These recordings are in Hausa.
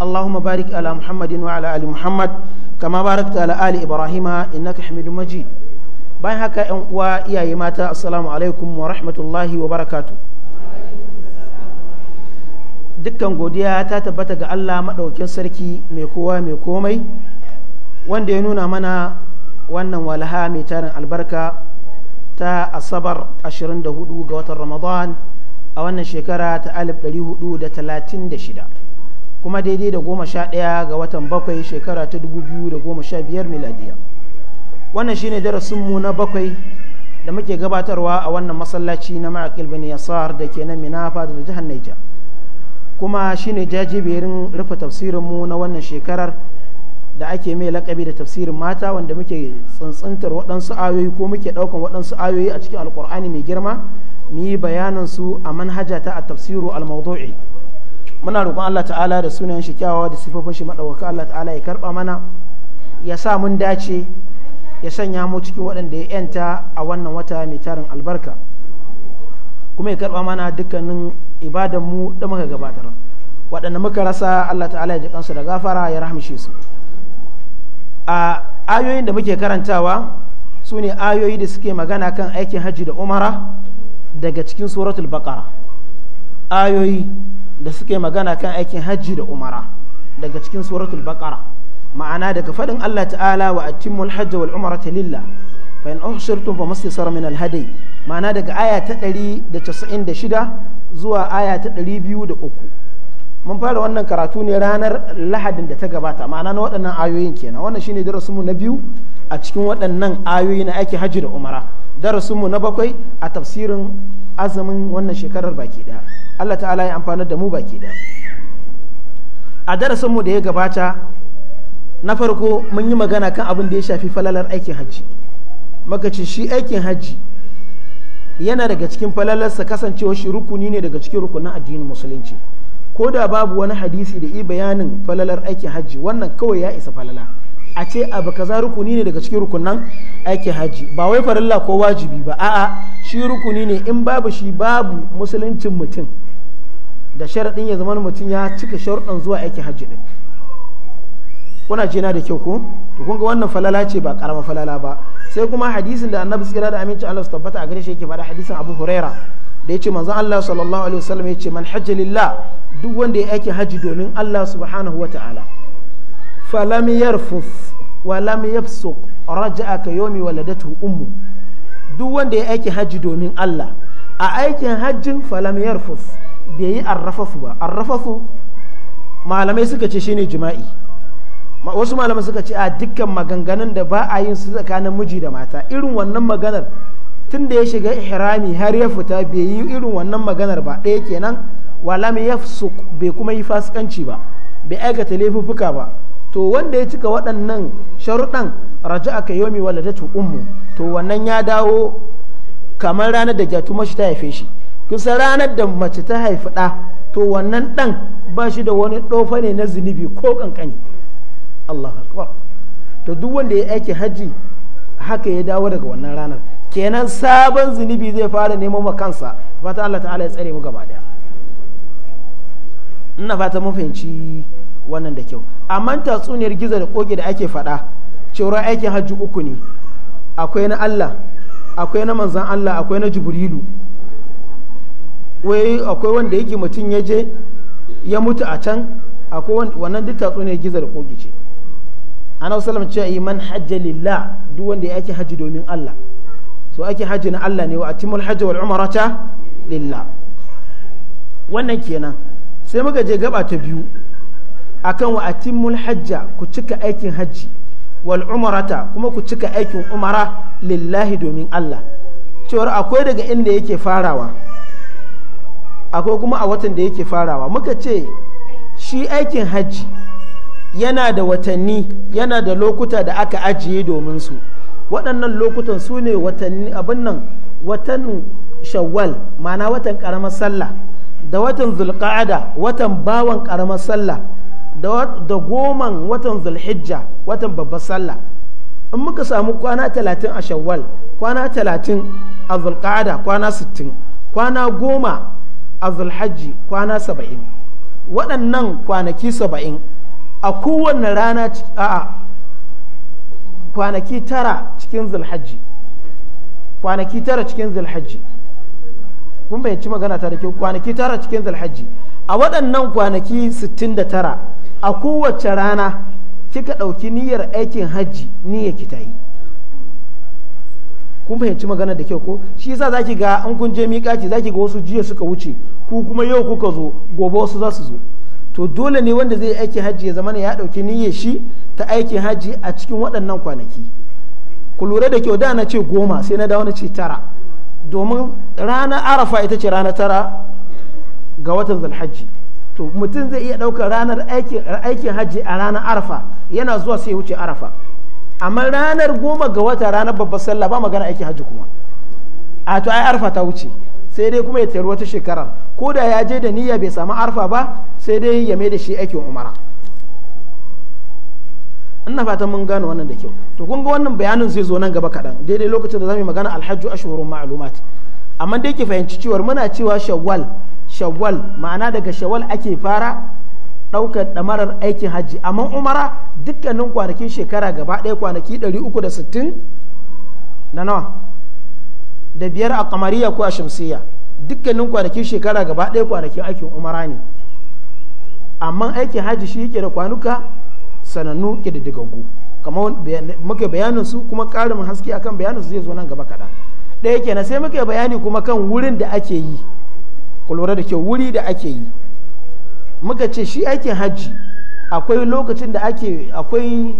اللهم بارك على محمد وعلى آل محمد كما باركت على آل إبراهيم إنك حميد مجيد bayan haka yan uwa iyaye mata asalamu alaikum wa rahmatullahi wa barakatu dukkan godiya ta tabbata ga Allah maɗaukin sarki mai kowa mai komai wanda ya nuna mana wannan walaha mai tarin albarka ta asabar 24 ga watan ramadan a wannan shekara ta 1436 kuma daidai da goma sha ɗaya ga watan bakwai shekara ta dubu biyu da goma sha biyar miladiya wannan shine mu na bakwai da muke gabatarwa a wannan masallaci na ma'akil bin yasar da ke na minafa da jihar naija kuma shine jajibirin rufe tafsirin tafsirinmu na wannan shekarar da ake mai lakabi da tafsirin mata wanda muke tsintsintar waɗansu ayoyi ko muke ɗaukan waɗansu ayoyi a cikin alƙur'ani mai girma mu yi bayanansu su a manhaja ta a tafsiru al muna roƙon Allah ta'ala da sunayen shi kyawawa da sifofin shi maɗaukaka Allah ta'ala ya karɓa mana ya sa mun dace ya sanya mu cikin waɗanda ya yanta a wannan wata mai tarin albarka kuma ya karɓa mana dukkanin ibadan mu da muka gabatar waɗanda muka rasa Allah ta'ala ya ji kansu da gafara ya rahamshe su a ayoyin da muke karantawa su ne ayoyi da suke magana kan aikin hajji da umara daga cikin suratul baqara ayoyi da suke magana kan aikin hajji da umara daga cikin suratul baqara ma'ana daga faɗin Allah ta'ala wa atimul hajji wal umrata lillah fa in ushirtum fa mastasara min al hadi ma'ana daga aya ta 196 zuwa aya ta 203 mun fara wannan karatu ne ranar lahadin da ta gabata ma'ana na waɗannan ayoyin kenan wannan shine darasinmu na biyu a cikin waɗannan ayoyi na aikin hajji da umara darasinmu na bakwai a tafsirin azumin wannan shekarar baki ɗaya Allah ta'ala ya amfanar da mu baki ɗaya a darasinmu da ya gabata na farko mun yi magana kan abin da ya shafi falalar aikin hajji makaci shi aikin hajji yana daga cikin falalarsa kasancewa shi rukuni ne daga cikin rukunin addinin musulunci ko da babu wani hadisi da yi bayanin falalar aikin hajji wannan kawai ya isa falala a ce abu kaza rukuni ne daga cikin rukunan aiki haji ba wai farilla ko wajibi ba a'a shi rukuni ne in babu shi babu musuluncin mutum da sharaɗin ya zama mutum ya cika sharuɗan zuwa aiki haji din kuna jina da kyau ko to kun ga wannan falala ce ba karama falala ba sai kuma hadisin da annabi tsira da aminci Allah su tabbata a gare shi yake faɗa hadisin Abu Huraira da yace manzon Allah sallallahu alaihi wasallam yace man hajja lillah duk wanda ya aiki haji domin Allah subhanahu wataala falam raja walam yafsuq raja'aka yomi waladatu umu duk wanda ya aiki hajji domin Allah a aikin hajjin falam fuf bai yi arrafasu ba arrafasu malamai suka ce ne jima'i wasu malamai suka ce a dukkan maganganun da ba a yin su tsakanin miji da mata irin wannan maganar tun da ya shiga ihrami har ya fita bai yi irin wannan maganar ba ɗaya kenan walam yafsuq bai kuma yi fasikanci ba bai aikata laifuffuka ba to wanda ya cika waɗannan sharuɗan raja'a ka yomi waladatu ummu to wannan ya dawo kamar ranar da gyatu mashi ta haife shi kusa ranar da mace ta haifi ɗa to wannan ɗan ba shi da wani ɗofa ne na zunubi ko ƙanƙani Allah akbar to duk wanda ya aiki hajji haka ya dawo daga wannan ranar kenan sabon zunubi zai fara neman wa kansa fata Allah ta'ala ya tsare mu gaba daya ina fata mun wannan da kyau amma tatsuniyar gizo da koge da ake faɗa cewa aikin hajji uku ne akwai na Allah akwai na manzan Allah akwai na jibrilu wai akwai wanda yake mutum ya je ya mutu a can akwai wannan duk tatsuniyar gizo da koge ce ana wasalam cewa yi man hajji lillah duk wanda ya ake hajji domin Allah so ake hajji na Allah ne wa a hajji wal umarata lillah wannan kenan sai muka je gaba ta biyu akan wa atimul hajja ku cika aikin hajji wal umrata kuma ku cika aikin umara lillahi domin Allah cewar akwai daga inda yake farawa akwai kuma a watan da yake farawa muka ce shi aikin hajji yana da watanni yana da lokuta da aka ajiye domin su waɗannan lokutan su ne watanni abin nan watan shawwal ma'ana watan ƙaramar sallah da watan zulƙa'ada watan bawan ƙaramar sallah da goman watan zulhijja watan babbar sallah in muka samu kwana talatin a shawwal kwana talatin a zulqada kwana sittin kwana goma a zulhajji kwana saba'in waɗannan kwanaki saba'in a kowane rana a kwanaki tara cikin zulhajji kwanaki tara cikin zulhajji kun bayyanci magana ta da kyau kwanaki tara cikin zulhajji a waɗannan kwanaki 69 a kowace rana kika ɗauki niyyar aikin hajji niyyar ki ta yi kun fahimci magana da kyau ko shi yasa zaki ga an kun je miƙaci zaki ga wasu jiya suka wuce ku kuma yau kuka zo gobe wasu za su zo to dole ne wanda zai aiki hajji ya zamana ya ɗauki niyyar shi ta aikin hajji a cikin waɗannan kwanaki ku lura da kyau da na ce goma sai na dawo na ce tara domin ranar arafa ita ce ranar tara ga watan zalhajji to mutum zai iya ɗaukar ranar aikin hajji a ranar arafa yana zuwa sai wuce arafa amma ranar goma ga wata ranar babbar sallah ba magana aikin hajji kuma a to ai arafa ta wuce sai dai kuma ya tayar wata shekarar ko da ya je da niyya bai samu arfa ba sai dai ya mai da shi aikin umara ina fatan mun gane wannan da kyau to kun ga wannan bayanin zai zo nan gaba kaɗan daidai lokacin da za mu yi magana alhajju ashhurun ma'lumat amma dai ke fahimci cewar muna cewa shawwal shawwal ma'ana daga shawwal ake fara ɗaukar ɗamarar aikin hajji amma umara dukkanin kwanakin shekara gaba ɗaya kwanaki 360 na nawa da biyar a kamariya ko a shamsiya dukkanin kwanakin shekara gaba ɗaya kwanakin aikin umara ne amma aikin hajji shi yake da kwanuka sanannu ƙididdigaggu kamar muka bayanin su kuma ƙarin haske akan bayanin su zai zo nan gaba kaɗan ɗaya kenan sai muka bayani kuma kan wurin da ake yi ku lura da kyau wuri da ake yi muka ce shi aikin hajji akwai lokacin da ake akwai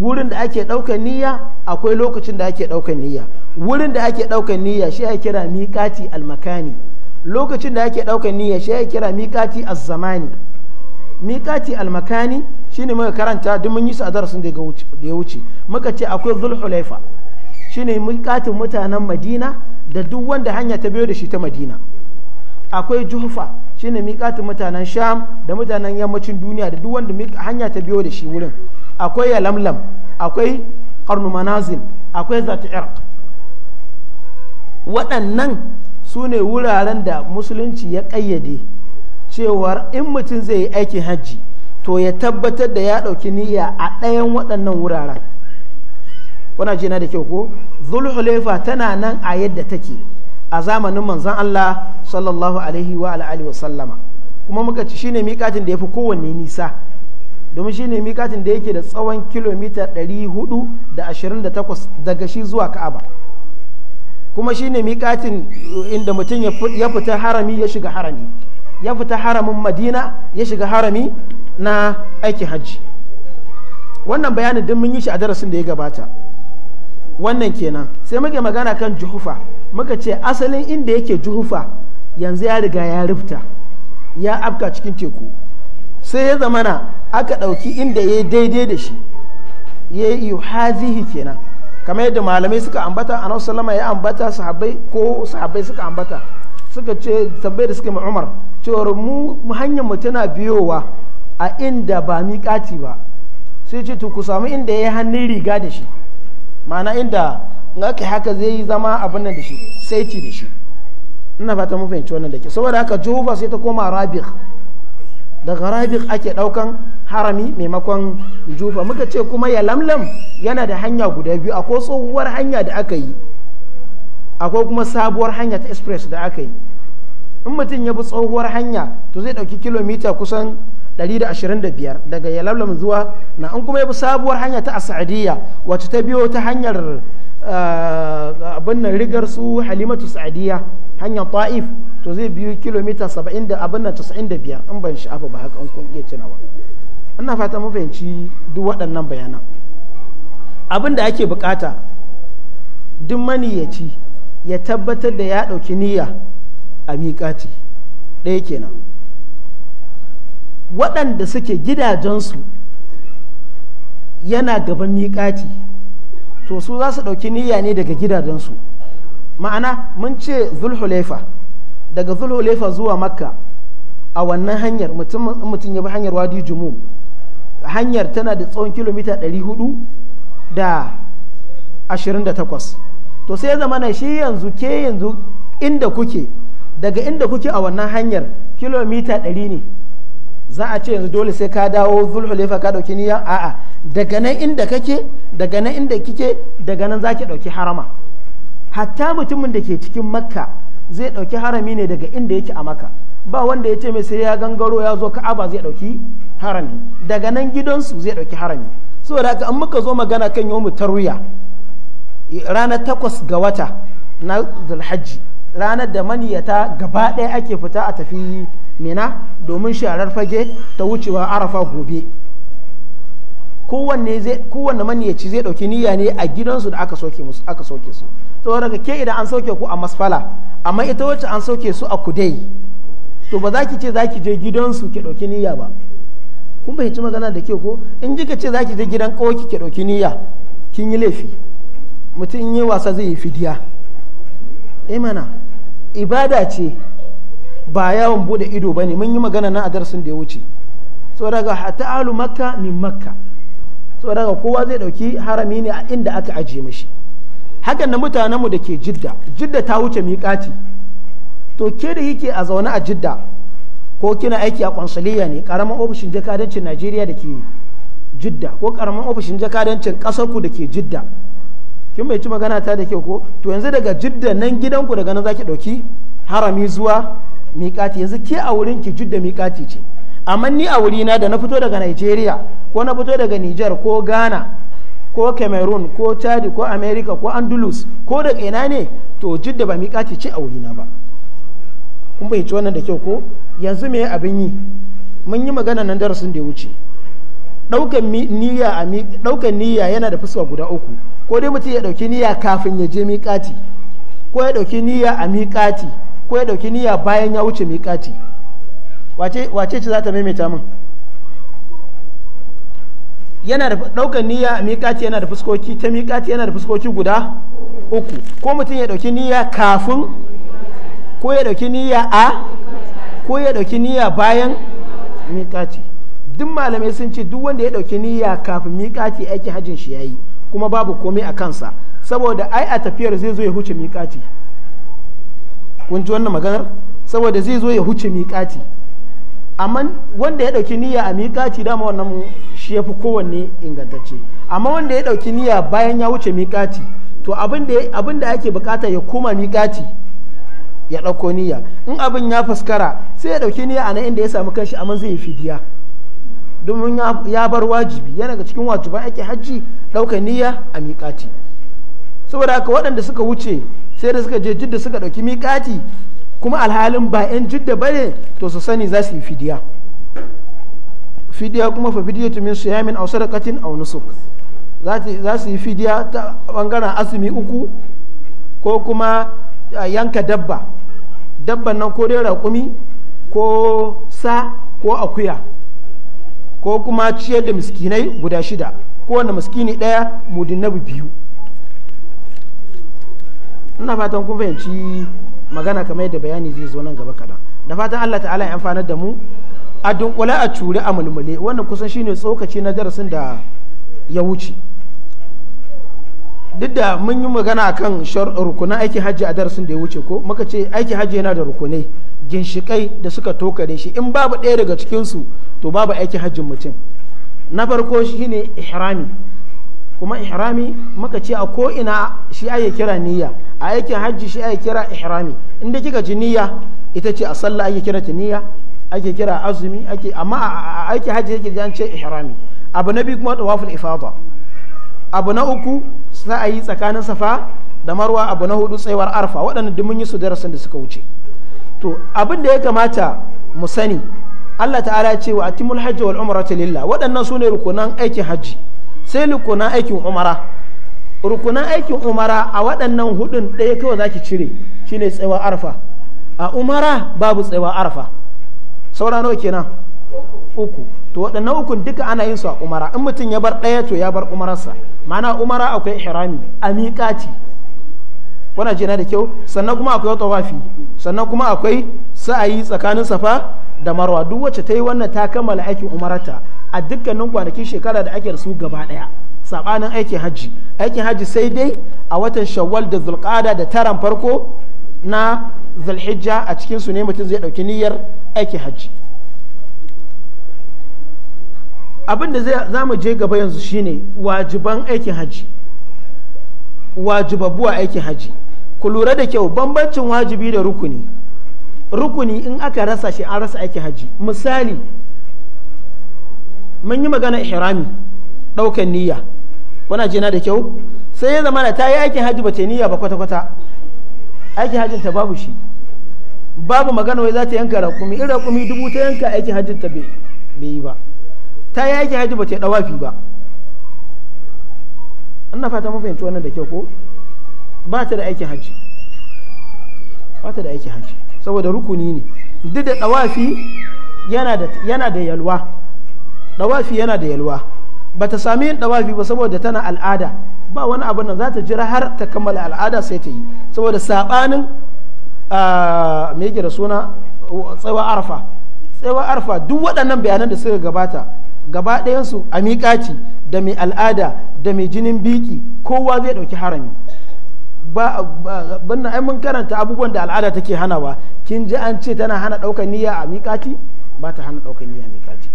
wurin da ake ɗaukar niyya akwai lokacin da ake ɗaukar niyya wurin da ake ɗaukar niyya shi ake kira miƙati almakani lokacin da ake ɗaukar niyya shi ake kira miƙati azzamani miƙati almakani shine muka karanta duk mun yi su a darasin da ya wuce muka ce akwai zulhulaifa shine miƙatin mutanen madina da duk wanda hanya ta biyo da shi ta madina akwai juhufa shine miƙatin mutanen sham da mutanen yammacin duniya da duk wanda hanya ta biyo da shi wurin akwai yalamlam akwai karnu manazil akwai zata irq waɗannan su ne wuraren da musulunci ya ƙayyade cewar in mutum zai yi aikin hajji to ya tabbatar da ya ɗauki niyya a ɗayan waɗannan wuraren wana jina da kyau ko zulhulefa tana nan a yadda take a zamanin manzon Allah sallallahu alaihi wa wa sallama kuma muka ci shine miƙatin da ya fi kowanne nisa domin shine miƙatin da yake da tsawon kilomita 428 daga shi zuwa Ka'aba kuma shine miƙatin eh, inda mutum ya fita harami ya shiga harami ya fita haramin Madina ya shiga harami na aikin hajji wannan bayanin don mun yi shi a darasin da ya gabata wannan kenan sai muke magana kan juhufa muka ce asalin inda yake juhufa yanzu ya riga ya rufta ya afka cikin teku sai ya zamana aka ɗauki inda ya daidai da shi ya yi hazihi kenan kamar yadda malamai suka ambata a salama ya ambata sahabbai ko sahabbai suka ambata suka ce tabbai da suka umar cewar mu hanyar mu tana biyowa a inda ba miƙati ba sai ce to ku samu inda ya yi hannun riga da shi ma'ana inda in aka haka zai yi zama abin nan da shi sai ci da shi ina fata mu fahimci wannan da ke saboda haka jufa sai ta koma rabi daga rabih ake daukan harami maimakon jufa muka ce kuma ya lamlam yana da hanya guda biyu akwai tsohuwar hanya da aka yi akwai kuma sabuwar hanya ta express da aka yi in mutum ya bi tsohuwar hanya to zai dauki kilomita kusan 125 daga yalamlam zuwa na an kuma yabi sabuwar hanya ta asadiyya wacce ta biyo ta hanyar eh, abin nan rigar su halimatu sa'adiyya hanyar ta'if to zai biyo kilomita 70 abin nan 95 in ban abu ba haka in kun iya cinawa. ina fata mu fahimci duk waɗannan bayanan abin da ake bukata duk maniyaci ya tabbatar da ya ɗauki niyya a miƙati ɗaya kenan waɗanda suke gidajensu yana gaban miƙati to su za su ɗauki niyya ne daga gidajensu ma'ana mun ce zulhulefa daga zulhulefa zuwa makka a wannan hanyar mutum ya bi hanyar wadi jumu hanyar tana da tsawon kilomita 400 da 28 to sai zama na shi yanzu ke yanzu inda kuke daga inda kuke a wannan hanyar kilomita 100 ne za a ce yanzu dole sai ka dawo zulhulefa ka dauki niyya a'a daga nan inda kake daga nan inda kike daga nan zaki dauki harama hatta mutumin da ke cikin makka zai dauki harami ne daga inda yake a makka ba wanda ya ce mai sai ya gangaro ya zo ka'aba zai dauki harami daga nan gidansu zai dauki harami saboda haka an muka zo magana kan yawmu tarwiya ranar takwas ga wata na zulhajji ranar da maniyata gaba ɗaya ake fita a tafi mina domin sharar fage ta wucewa arafa gobe kowanne maniyaci zai ɗauki niyya ne a gidansu da aka soke su saboda daga ke idan an soke ku a masfala amma ita wacce an soke su a kudai to ba za ki ce za ki je gidansu ki ɗauki niyya ba kun fahimci magana da ke ko in kika ce za ki je gidan ƙoki ki ɗauki niyya kin yi laifi mutum in yi wasa zai yi fidiya imana eh ibada ce ba yawon bude ido ba ne mun yi magana na a darasin da ya wuce daga hata alu makka min makka saboda daga kowa zai dauki harami ne a inda aka ajiye mashi hakan na mutanenmu da ke jidda jidda ta wuce miƙati to ke da yake a zaune a jidda ko kina aiki a konsiliya ne karamin ofishin jakadancin najeriya da ke jidda ko karamin ofishin jakadancin ku da ke jidda kin mai ci magana ta da kyau ko to yanzu daga jidda nan gidanku daga nan zaki dauki harami zuwa miƙati yanzu ke a wurin ki jidda miƙati ce amma ni a wurina da na fito daga Nigeria ko na fito daga Niger ko Ghana ko Cameroon ko Chad ko America ko Andalus ko daga ina ne to jidda ba miƙati ce a wurina ba kun bai ci wannan da kyau ko yanzu me abin yi mun yi magana nan darasin da ya wuce ɗaukan niyya a ɗaukan niyya yana da fuska guda uku ko dai mutum ya ɗauki niyya kafin ya je miƙati ko ya ɗauki niyya a miƙati ko ya ɗauki niyya bayan ya wuce miƙati wace ce za ta maimaita min yana da ɗaukan niyya a miƙati yana da fuskoki ta miƙati yana da fuskoki guda uku ko mutum ya ɗauki niyya kafin ko ya ɗauki niyya a ko ya ɗauki niyya bayan miƙati duk malamai sun ce duk wanda ya dauki niyya kafin miƙati aiki hajjin shi yayi kuma babu komai a kansa saboda ai a tafiyar zai zo ya huce miƙati kun ji wannan maganar saboda zai zo ya huce miƙati amma wanda ya dauki niyya a miƙati dama wannan shi ya fi kowanne ingantacce amma wanda ya dauki niyya bayan ya huce miƙati to abin da yake bukata ya koma miƙati ya dauko niyya in abin ya fuskara sai ya dauki niyya a nan inda ya samu kanshi amma zai yi fidiya domin ya bar wajibi yana ga cikin wajiba ake hajji ɗaukar niyya a miƙati saboda haka waɗanda suka wuce sai da suka je jidda suka ɗauki miƙati kuma alhalin ba 'yan jidda ba ne to su sani za su yi fidiya fidiya kuma fa fidiya tumin siyamin au sadaqatin au nusuk za su yi fidiya ta bangaren azumi uku ko kuma yanka dabba dabban nan ko dai raƙumi ko sa ko akuya ko kuma ciyar da miskinai guda shida kowane miskini ɗaya na biyu ina fatan kun fahimci magana kamar yadda bayani zai zo nan gaba kaɗan da fatan allah ta'ala ya amfanar da mu a dunkule a cure a mulmule wannan kusan shine tsokaci na darasin da ya wuce duk da mun yi magana kan rukunan aikin hajji a darasin da ya wuce ko muka ce aikin hajji yana da rukunai ginshikai da suka tokare shi in babu ɗaya daga cikinsu to babu aikin hajjin mutum na farko shi ne ihrami kuma ihrami muka ce a ko ina shi ake kira niyya a aikin hajji shi ake kira ihrami inda kika ji niyya ita ce a sallah ake kira ta niyya ake kira azumi ake amma a aikin hajji yake ce ihrami abu na biyu kuma tawaful ifada abu na uku za a yi tsakanin safa da marwa abu na hudu tsayuwar arfa waɗanda duk mun yi su darasin da suka wuce to abin da ya kamata mu sani Allah ta'ala ce wa atimul hajji wal umrata lillah waɗannan su ne rukunan aikin hajji sai rukunan aikin umara rukunan aikin umara a waɗannan hudun ɗaya kawai zaki cire shine tsayuwar arfa a umara babu tsayuwar arfa saura nawa kenan uku to waɗannan ukun duka ana yin su a umara in mutum ya bar ɗaya to ya bar umararsa mana umara akwai ihrami a miƙaci wannan jina da kyau sannan kuma akwai tawafi sannan kuma akwai sa'ayi tsakanin safa da marwa duk wacce ta yi wannan ta kammala aikin umararta a dukkanin kwanakin shekara da ake da su gaba ɗaya saɓanin aikin hajji aikin hajji sai dai a watan shawwal da zulqada da taran farko na zulhijja a cikin su ne mutum zai ɗauki niyyar aikin hajji abin da za mu je gaba yanzu shine wajiban aikin haji wajibabuwa aikin haji ku lura da kyau bambancin wajibi da rukuni rukuni in aka rasa shi an rasa aikin haji misali mun yi magana ihrami daukan niyya kuna jina da kyau sai ya zama da ta yi aikin haji ba ta niyya ba kwata-kwata aikin hajjin ta babu shi babu magana wai za ta yanka raƙumi in raƙumi dubu ta yanka aikin hajjin ta bai yi ba ta yi aikin hajji ba ta yi dawafi ba ina fata mun fahimci wannan da kyau ko ba ta da aikin hajji ba ta da aikin haji saboda rukuni ne duk da dawafi yana da yalwa dawafi yana da yalwa ba ta sami yin dawafi ba saboda tana al'ada ba wani abin nan za ta jira har ta kammala al'ada sai ta yi saboda saɓanin me yake da suna tsawa arfa tsawa arfa duk waɗannan bayanan da suka gabata gaba ɗayansu a miƙaci da mai al'ada da mai jinin biki kowa zai ɗauki harami ba banna ai mun karanta abubuwan da al'ada take hanawa kin ji an ce tana hana ɗaukar niyya a miƙaci ba ta hana ɗaukar niyya a miƙaci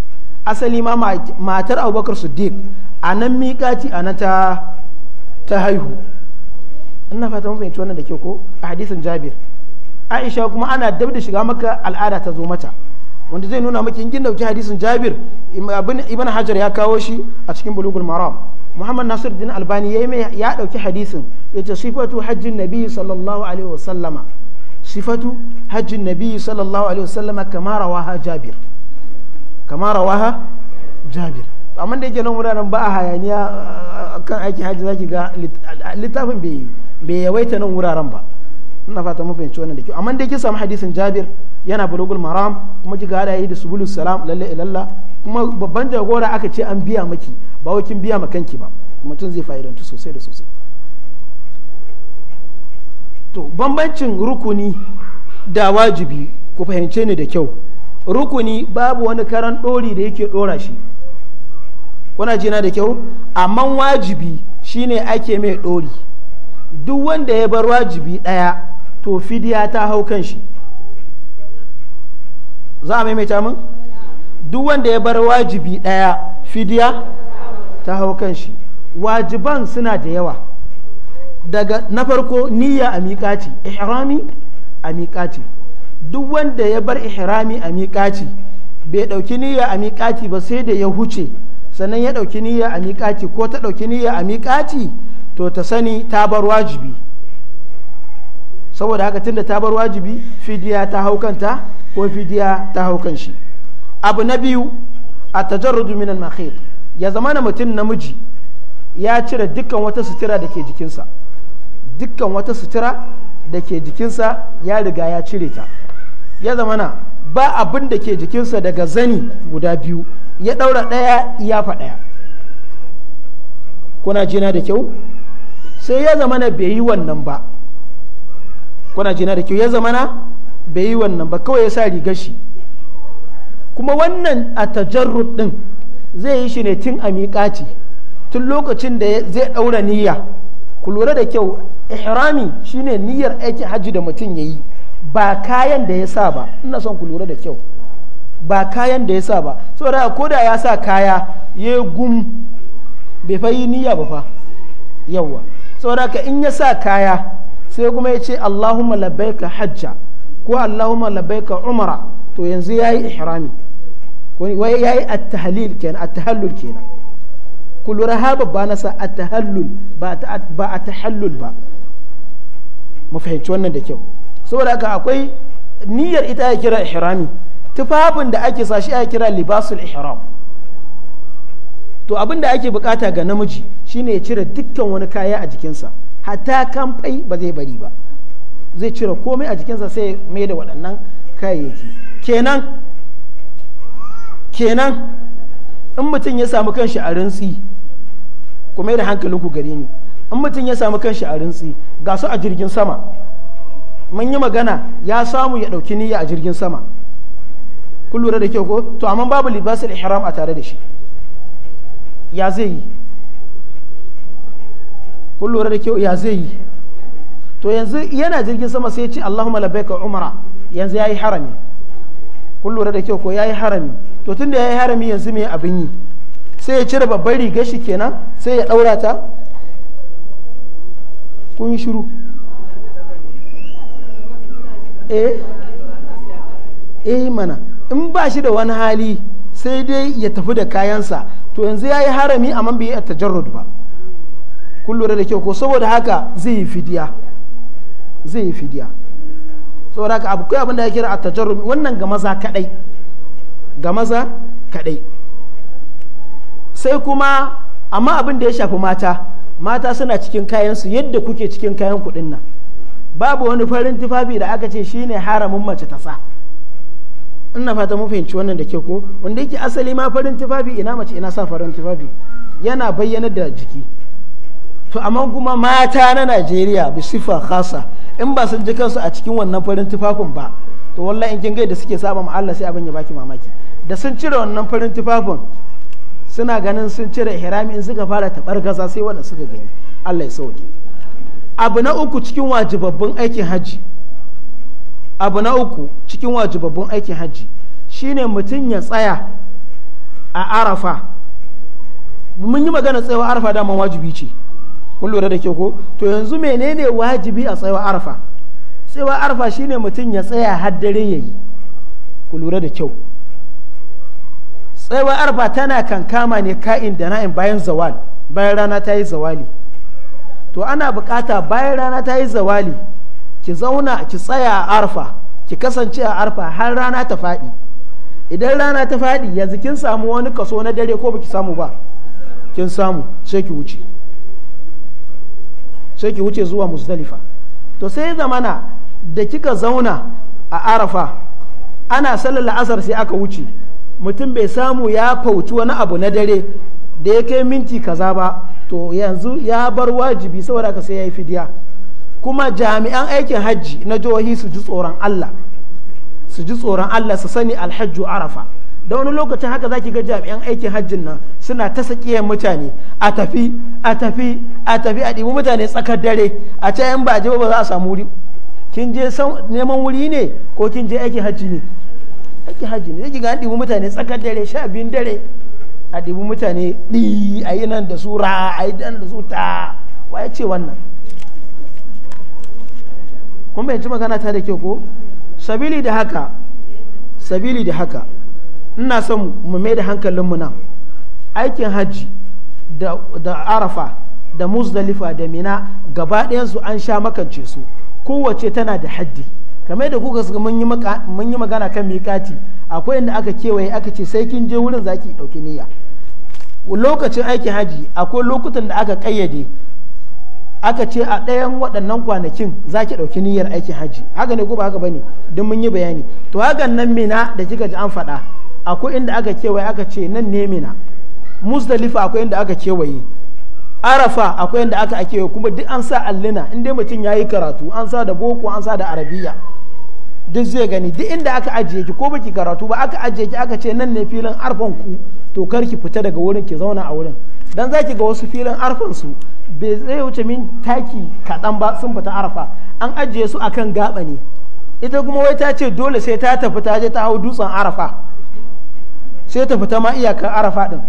asali ma matar abubakar siddiq a nan miƙaci a nan ta haihu ina fata mun fahimci wannan da ke ko a hadisin jabir aisha kuma ana dab da shiga maka al'ada ta zo mata wanda zai nuna maki in kin dauki hadisin jabir ibn hajar ya kawo shi a cikin bulugul maram muhammad nasir din albani ya mai ya dauki hadisin yace sifatu hajjin nabi sallallahu alaihi wasallama sifatu hajjin nabi sallallahu alaihi wasallama kama rawaha jabir kama rawaha jabir amma da yake nan wuraren ba a hayaniya kan aiki hajji zaki ga littafin bai yawaita nan wuraren ba ina fata mun fahimci wannan da kyau amma dai kin samu hadisin Jabir yana bulugul maram kuma ki gada yi da subulus salam lalle ilalla kuma babban jagora aka ce an biya maki ba wai kin biya ma kanki ba mutum zai fa'idantu sosai da sosai to bambancin rukuni da wajibi ku fahimce ni da kyau rukuni babu wani karan dori da yake dora shi kuna jina da kyau amma wajibi shine ake mai dori duk wanda ya bar wajibi ɗaya to fidiya ta hau kan shi za a maimaita min duk wanda ya bar wajibi ɗaya fidiya ta hau kan shi wajiban suna da yawa daga na farko niyya a miƙaci ihrami a miƙaci duk wanda ya bar ihrami a miƙaci bai ɗauki niyya a miƙaci ba sai da ya huce sannan ya ɗauki niyya a miƙaci ko ta ɗauki niyya a miƙaci to ta sani ta bar wajibi saboda haka tunda ta bar wajibi fidiya ta hau kanta ko fidiya ta hau kan shi abu na biyu a tajarrudu minan mahid ya zama na mutum namiji ya cire dukkan wata sutura da ke jikinsa dukkan wata sutura da ke jikinsa ya riga ya cire ta ya zama na ba abin da ke jikinsa daga zani guda biyu ya ɗaura ɗaya ya ɗaya kuna jina da kyau sai ya zama na bai yi wannan ba kuna jina da kyau ya zamana bai yi wannan ba kawai ya sa rigar shi kuma wannan a tajarrud din zai yi shi ne tun a miƙaci tun lokacin da zai ɗaura niyya ku lura da kyau ihrami shine niyyar aikin hajji da mutum ya yi ba kayan da ya sa ba ina son ku lura da kyau ba kayan da ya sa ba saboda ko da ya sa kaya ya gum bai fa yi niyya ba fa yawwa saboda ka in ya sa kaya sai kuma ya ce Allahumma labbaika hajja ko Allahumma labbaika umara to yanzu yi ihrami wai ya yi tahlil kenan at kenan ku lura ha babba nasa at-tahallul ba ba ba mu fahimci wannan da kyau saboda haka akwai niyyar ita ya kira ihrami tufafin da ake sa shi ya kira libasul ihram to abin da ake bukata ga namiji shine ya cire dukkan wani kaya a jikinsa Hata kamfai ba zai bari ba zai cire komai a jikinsa sai mai da waɗannan kayayyaki kenan kenan in mutum ya samu kanshi a rintsi ku mai da ku gare ni in mutum ya samu kanshi a rintsi ga su a jirgin sama mun yi magana ya samu ya ɗauki niyya a jirgin sama kun lura da kyau ko to amma babu da ihram a tare da shi ya zai yi kun lura da kyau ya zai yi to yanzu yana jirgin sama sai ya ce Allahumma labbaika umara yanzu yayi harami kun lura da kyau ko yayi harami to tunda yayi harami yanzu me abin yi sai ya cire babbar riga shi kenan sai ya daura ta kun yi shiru eh eh mana in ba shi da wani hali sai dai ya tafi da kayansa to yanzu yayi harami amma bai yi tajarrud ba kun lura da kyau ko saboda haka zai yi fidiya zai yi fidiya saboda haka abu kai abin da ya kira a tajarrum wannan ga maza kadai ga maza kadai sai kuma amma abin da ya shafi mata mata suna cikin kayansu yadda kuke cikin kayan kudin nan babu wani farin tufafi da aka ce shine haramin mace ta sa ina fata mun fahimci wannan da ke ko wanda yake asali ma farin tufafi ina mace ina sa farin tufafi yana bayyana da jiki to amma kuma mata na najeriya bi sifa khasa in ba sun ji kansu a cikin wannan farin tufafin ba to wallahi in kin gai da suke saba ma Allah sai abin ya baki mamaki da sun cire wannan farin tufafin suna ganin sun cire hirami in suka fara tabar gaza sai wanda suka gani Allah ya sauke abu na uku cikin wajibabbun aikin haji abu na uku cikin wajibabbun aikin haji shine mutum ya tsaya a arafa mun yi magana tsayawa arafa dama wajibi ce kun lura da ke ko to yanzu menene wajibi a tsayawa arfa tsayawa arfa shine mutum ya tsaya har dare yayi ku lura da kyau tsayawa arfa tana kankama ne ka'in da na'in bayan zawal bayan rana ta yi zawali to ana bukata bayan rana ta yi zawali ki zauna ki tsaya a arfa ki kasance a arfa har rana ta faɗi idan rana ta faɗi yanzu kin samu wani kaso na dare ko baki samu ba kin samu sai ki wuce sai ki wuce zuwa musdalifa to sai zamana da kika zauna a arafa ana sallar la'asar sai aka wuce mutum bai samu ya fauci wani abu na dare da ya kai minti kaza ba to yanzu ya bar wajibi saboda ka sai ya yi fidiya kuma jami'an aikin hajji na jihohi su ji tsoron Allah su ji tsoron Allah su sani alhajju arafa da wani lokacin haka zaki ga jami'an aikin hajjin nan suna ta sakiyan mutane a tafi a tafi a tafi a ɗibi mutane tsakar dare a ce yan ba je ba za a samu wuri kin je neman wuri ne ko kin je aikin hajji ne aikin hajji ne zai ga an ɗibi mutane tsakar dare sha biyun dare a ɗibi mutane ɗi a yi nan da su ra a yi nan da su ta wa ya ce wannan kun bayanci magana ta da ke ko sabili da haka sabili da haka ina son mu mai da mu nan aikin hajji da arafa da muzdalifa da mina gaba ɗayansu an sha makance su kowace tana da haddi kamar da kuka mun yi magana kan miƙati akwai inda aka kewaye aka ce sai kin je wurin zaki ɗauki niyya lokacin aikin hajji akwai lokutan da aka kayyade aka ce a ɗayan waɗannan kwanakin za ki ɗauki niyyar aikin hajji haka ne ko ba haka ne don mun yi bayani to hakan nan mina da kika ji an faɗa akwai inda aka kewaye aka ce nan ne mina musdalifa akwai inda aka kewaye arafa akwai inda aka kewaye kuma duk an sa allina in dai mutum ya yi karatu an sa da boko an sa da arabiya duk zai gani duk inda aka ajiye ki ko baki karatu ba aka ajiye ki aka ce nan ne filin arfan ku to kar ki fita daga wurin ki zauna a wurin dan ki ga wasu filin arfan su bai zai wuce min taki kaɗan ba sun fita arafa an ajiye su akan gaba ne ita kuma wai ta ce dole sai ta tafi ta je ta hau dutsen arafa sai ta fita ma iyakar arafa din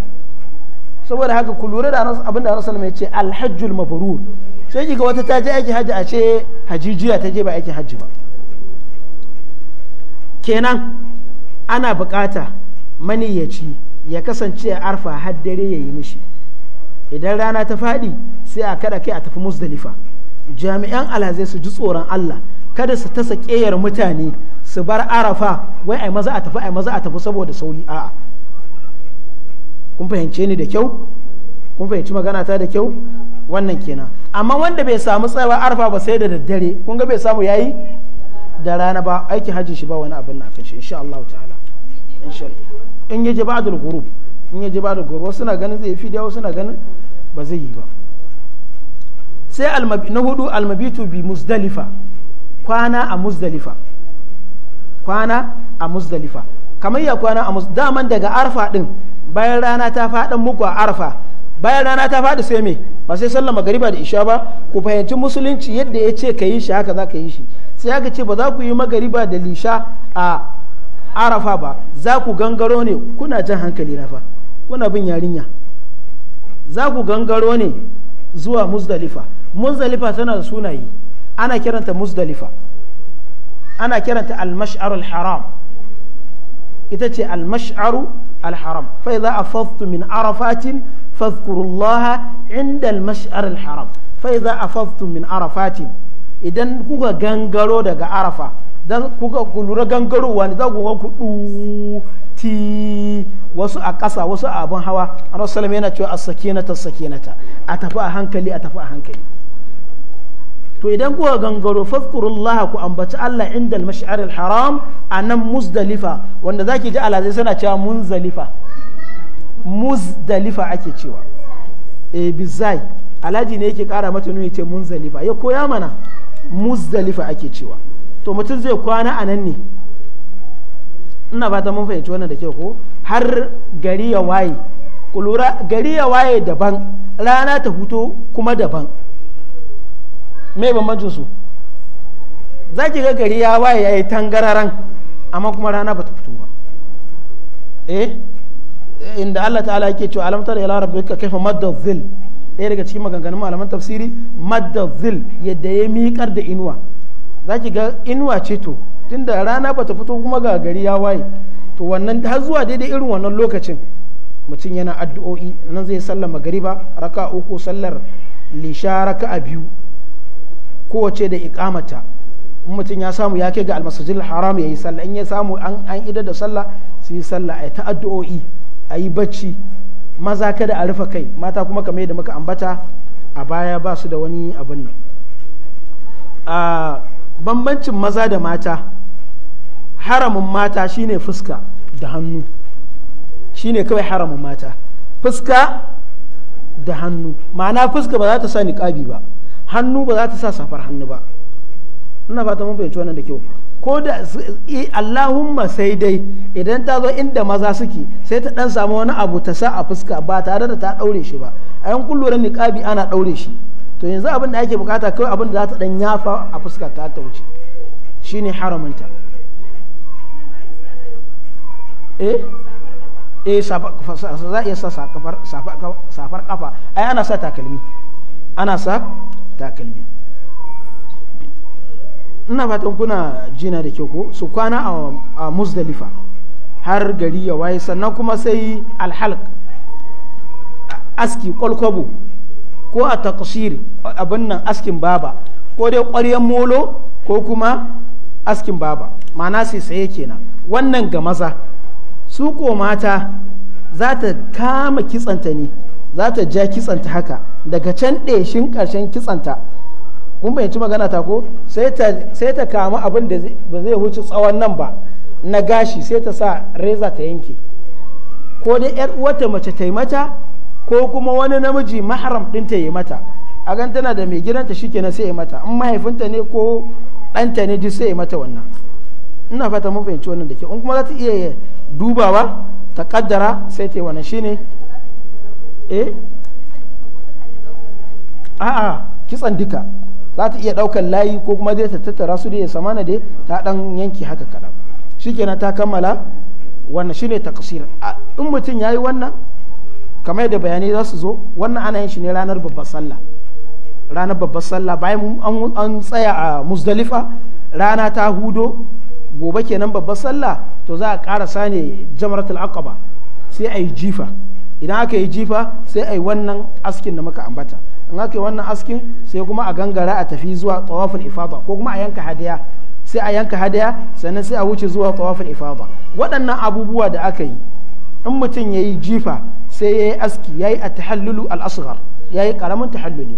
saboda haka ku lura da abin da rasul mai ce alhajjul mabrur sai kiga wata ta je aiki hajji a ce hajijiya ta je ba aikin hajji ba kenan ana bukata maniyyaci ya kasance a arfa har dare ya yi mishi idan rana ta faɗi sai a kada kai a tafi musdalifa jami'an alhazai su ji tsoron allah kada su tasa ƙeyar mutane su bar arafa wai ai maza a tafi ai maza a tafi saboda sauri a'a kun fahimce ni da kyau kun fahimci magana ta da kyau wannan kenan amma wanda bai samu tsayawa arfa ba sai da daddare kun ga bai samu yayi da rana ba aikin hajji shi ba wani abin na kan shi insha Allah ta'ala insha in yaje ba'dul ghurub in yaje ba'dul ghurub suna ganin zai fi dawo suna ganin ba zai yi ba sai na hudu almabitu bi muzdalifa kwana a muzdalifa kwana a muzdalifa kamar ya kwana a daman daga arfa din bayan rana ta faɗin muku a arfa bayan rana ta faɗi sai me ba sai sallama magariba da isha ba ku fahimci musulunci yadda ya ce ka yi shi haka za ka yi shi sai aka ce ba za ku yi magariba da lisha a arafa ba za ku gangaro ne kuna jan hankali na fa kuna bin yarinya za ku gangaro ne zuwa muzdalifa muzdalifa tana da sunaye ana kiranta muzdalifa ana kiranta almash'arul haram ita ce al alharam fai haram a idza min arafatin faskurullaha inda al-mash'ar al-haram a idza min arafatin idan kuka gangaro daga arafa dan kuka kulura lura gangaro wani za ku kudu ti wasu a ƙasa wasu a abin hawa a sallallahu salama yana cewa a sakinata sakinata a tafi a hankali a tafi a hankali to idan kuka gangaro fadkurullah ku ambaci Allah inda al haram a nan muzdalifa wanda zaki ji alazai suna cewa munzalifa muzdalifa ake cewa e bizai alaji ne yake kara mata nuni ce munzalifa ya koya mana muzdalifa ake cewa to mutum zai kwana a nan ne ina fata mun fahimci wannan da kyau ko har gari ya waye kulura gari ya waye daban rana ta huto kuma daban me bambancin su za ki ga gari ya waye ya yi tangararan amma kuma rana ba ta fito ba eh inda Allah ta'ala yake cewa alam tara ila rabbika kaifa madda zil ɗaya daga cikin maganganun malaman tafsiri madda zil yadda ya miƙar da inuwa za ki ga inuwa ce to tunda rana ba ta fito kuma ga gari ya waye to wannan har zuwa daidai irin wannan lokacin mutum yana addu'o'i nan zai sallama gari ba raka uku sallar lisha raka a biyu kowace da ikamata in mutum ya samu ya kai ga almasajil haram ya yi sallah in ya samu an ida da sallah su yi sallah a ta addu'o'i a yi bacci maza kada a rufe kai mata kuma kamar yadda muka ambata a baya ba su da wani abin nan a bambancin maza da mata haramin mata shine fuska da hannu shine kawai haramin mata fuska da hannu ma'ana fuska ba za ta sa niƙabi ba hannu ba za ta sa safar hannu ba ina fata mun fahimci wannan da kyau ko da allahumma sai dai idan ta zo inda maza suke sai ta dan samu wani abu ta sa a fuska ba tare da ta daure shi ba a yan kullum niqabi ana daure shi to yanzu abin da ake bukata kawai abin da za ta dan yafa a fuska ta ta wuce shine haraminta eh eh za iya sa safar kafa ai ana sa takalmi ana sa takalmi ina fatan kuna jina da kyau ko su kwana a musdalifa har gari ya waye sannan kuma sai alhalk aski kwalkwabo ko a takashiri abin nan askin baba ko dai ƙwaryen molo ko kuma askin baba ma'ana sai saye kenan wannan ga maza su ko mata za ta kama kitsanta ne za ta ja kitsanta haka daga can ɗeshin ƙarshen kitsanta kun bayyanci magana ta ko sai ta kama abin da ba zai wuce tsawon nan ba na gashi sai ta sa reza ta yanke ko dai yar uwarta mace ta yi mata ko kuma wani namiji maharam ɗin ta yi mata a gan tana da mai gidanta shi kenan sai ya mata in mahaifinta ne ko ɗanta ne duk sai ya mata wannan ina fata mun fahimci wannan da ke in kuma za ta iya dubawa ta kaddara sai ta yi wannan shine eh a'a kitsan duka za ta iya ɗaukar layi ko kuma dai ta tattara su da ya samana da ta dan yanki haka kaɗan shikenan ta kammala wannan shine taqsir in mutum yayi wannan kamar da bayanai za su zo wannan ana yin shi ne ranar babbar sallah ranar babbar sallah bayan an tsaya a musdalifa rana ta hudo gobe kenan babbar sallah to za a karasa ne jamratul aqaba sai ayi jifa idan aka yi jifa sai a yi wannan askin da muka ambata in aka yi wannan askin sai kuma a gangara a tafi zuwa tawaful ifada ko kuma a yanka hadaya sai a yanka hadaya sannan sai a wuce zuwa tawaful ifada waɗannan abubuwa da aka yi in mutum ya yi jifa sai ya yi aski ya yi a tahallulu al ya yi karamin tahalluli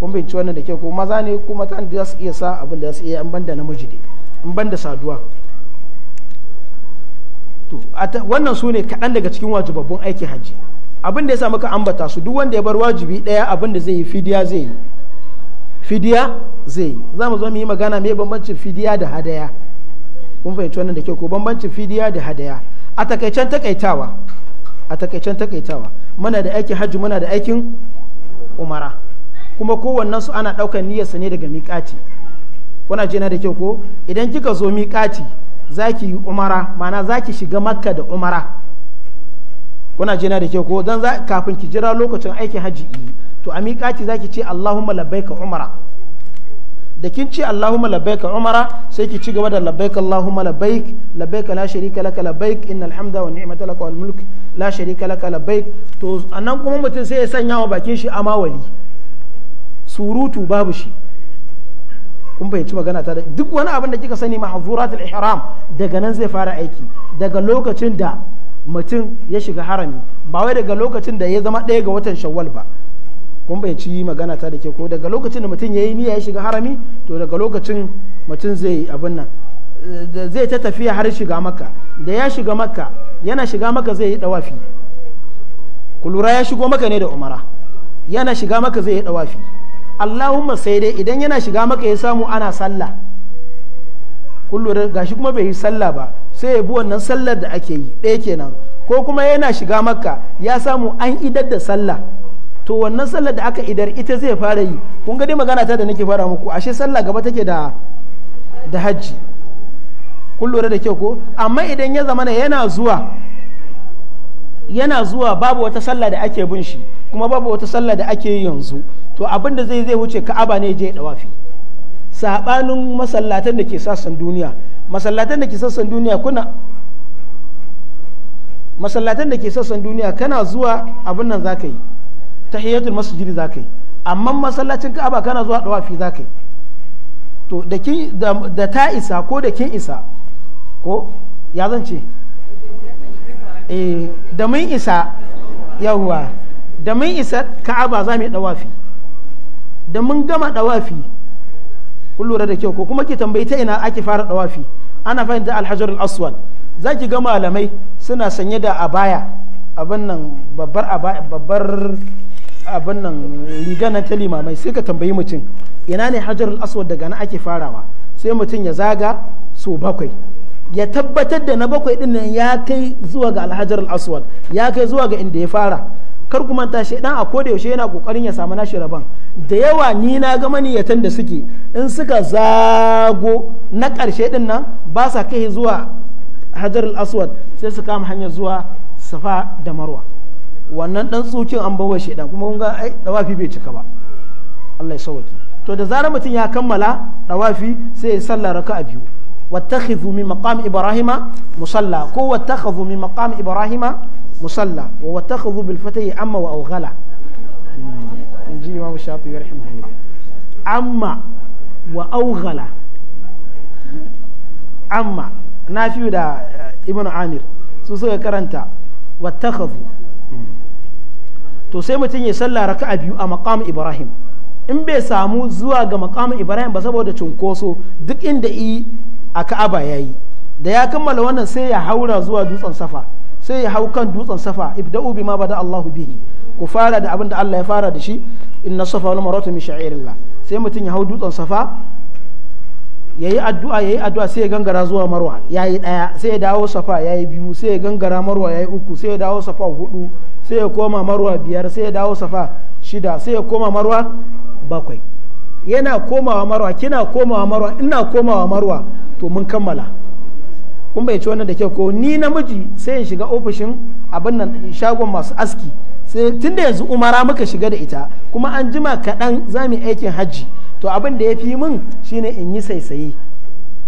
kun binci wannan da ke ko maza ne kuma matan da za su iya sa abin da za su iya an banda namiji ne an banda saduwa to wannan su ne kaɗan daga cikin wajibabbun aikin hajji abin da ya sa muka ambata su duk wanda ya bar wajibi ɗaya abin da zai yi fidiya zai yi fidiya zai yi za mu zo mu yi magana mai bambancin fidiya da hadaya kun fahimci wannan da ke ko bambancin fidiya da hadaya a takaicen takaitawa a takaicen takaitawa muna da aikin hajji muna da aikin umara kuma kowannen su ana ɗaukar niyyarsa ne daga miƙati kuna jina da kyau ko idan kika zo miƙati za ki yi umara mana za ki shiga makka da umara kuna jina da ke ko don kafin ki jira lokacin aikin hajji yi to a miƙaci za ki ce allahumma labbaika umara da kin ce allahumma labbaika umara sai ki ci gaba da labbaika allahumma labbaik labbaika la sharika laka labbaik innal hamda wa ni'mata laka wal mulk la sharika laka labbaik to anan kuma mutum sai ya sanya wa bakin shi amawali surutu babu shi kun fahimci magana ta duk wani abin da kika sani mahzuratul ihram daga nan zai fara aiki daga lokacin da mutum ya shiga harami ba wai daga lokacin da ya zama ɗaya ga watan shawwal ba kun bayyaci magana ta da ke ko daga lokacin da mutum ya yi niyya ya shiga harami to daga lokacin mutum zai abin nan eh, zai ta tafiya har shiga makka da ya shiga makka yana shiga makka zai yi dawafi ku lura ya shigo maka ne da umara yana shiga maka zai yi dawafi Allahumma sai dai idan yana shiga maka ya samu ana sallah kullu gashi kuma bai yi sallah ba sai ya bi wannan sallar da ake yi ɗaya kenan ko kuma yana shiga maka ya samu an idar da sallah to wannan sallar da aka idar ita zai fara yi kun ga dai magana ta da nake fara muku ashe sallah gaba take da da hajji kun da kyau ko amma idan ya zamana yana zuwa yana zuwa babu wata sallah da ake bin shi kuma babu wata sallah da ake yi yanzu to abin da zai zai wuce ka'aba ne je dawafi sabanin masallatan da ke sassan duniya masallatan da ke sassan duniya kuna masallatan da ke sassan duniya kana zuwa abin nan zaka yi tahiyatul masjid zaka yi amma masallacin ka'aba kana zuwa dawafi zaka yi to da da ta isa ko da kin isa ko ya zan ce eh da mun isa yawwa da mun isa ka'aba za mu yi dawafi da mun gama dawafi kun lura da kyau ko kuma ki tambayi ta ina ake fara dawafi ana fahimta alhajar al-aswad za ki ga malamai suna sanye da abaya abin nan babbar babbar abin nan riga na ta limamai sai ka tambayi mutum ina ne hajar al daga na ake farawa sai mutum ya zaga so bakwai ya tabbatar da na bakwai din nan ya kai zuwa ga alhajar al-aswad ya kai zuwa ga inda ya fara kar ku manta shaidan a koda yaushe yana kokarin ya samu nashi rabon da yawa ni na ga maniyatan da suke in suka zago na karshe din nan ba sa kai zuwa hajar al-aswad sai su kama hanyar zuwa safa da marwa wannan dan tsukin an bawa dan kuma kun ga ai dawafi bai cika ba Allah ya sauke to da zarar mutum ya kammala dawafi sai ya sallah raka'a biyu واتخذوا من مقام ابراهيم مصلى كو واتخذوا من مقام ابراهيم مصلى واتخذوا بالفتح أما وأوغلا نجي امام الشاطبي رحمه الله أما وأوغلا اما نافي دا ابن عامر سو سو كرنتا واتخذوا تو سي متين يصلي ركعه بيو ا مقام ابراهيم in bai samu zuwa ga maqam Ibrahim ba saboda cunkoso duk inda i a ka'aba ya yi da ya kammala wannan sai ya haura zuwa dutsen safa sai ya hau kan dutsen safa ibda'u bima bada Allahu bihi ku fara da abin da Allah ya fara da shi inna safa wal marwata min sha'irillah sai mutum ya hau dutsen safa yayi addu'a yayi addu'a sai ya gangara zuwa marwa yayi ɗaya sai ya dawo safa yayi biyu sai ya gangara marwa yayi uku sai ya dawo safa hudu sai ya koma marwa biyar sai ya dawo safa shida sai ya koma marwa bakwai yana komawa marwa kina komawa marwa ina komawa marwa to mun kammala kun bai ci wannan da kyau ko ni namiji sai in shiga ofishin abin nan shagon masu aski sai tunda yanzu umara muka shiga da ita kuma an jima kaɗan za mu aikin hajji to abin da ya fi min shine in yi saisaye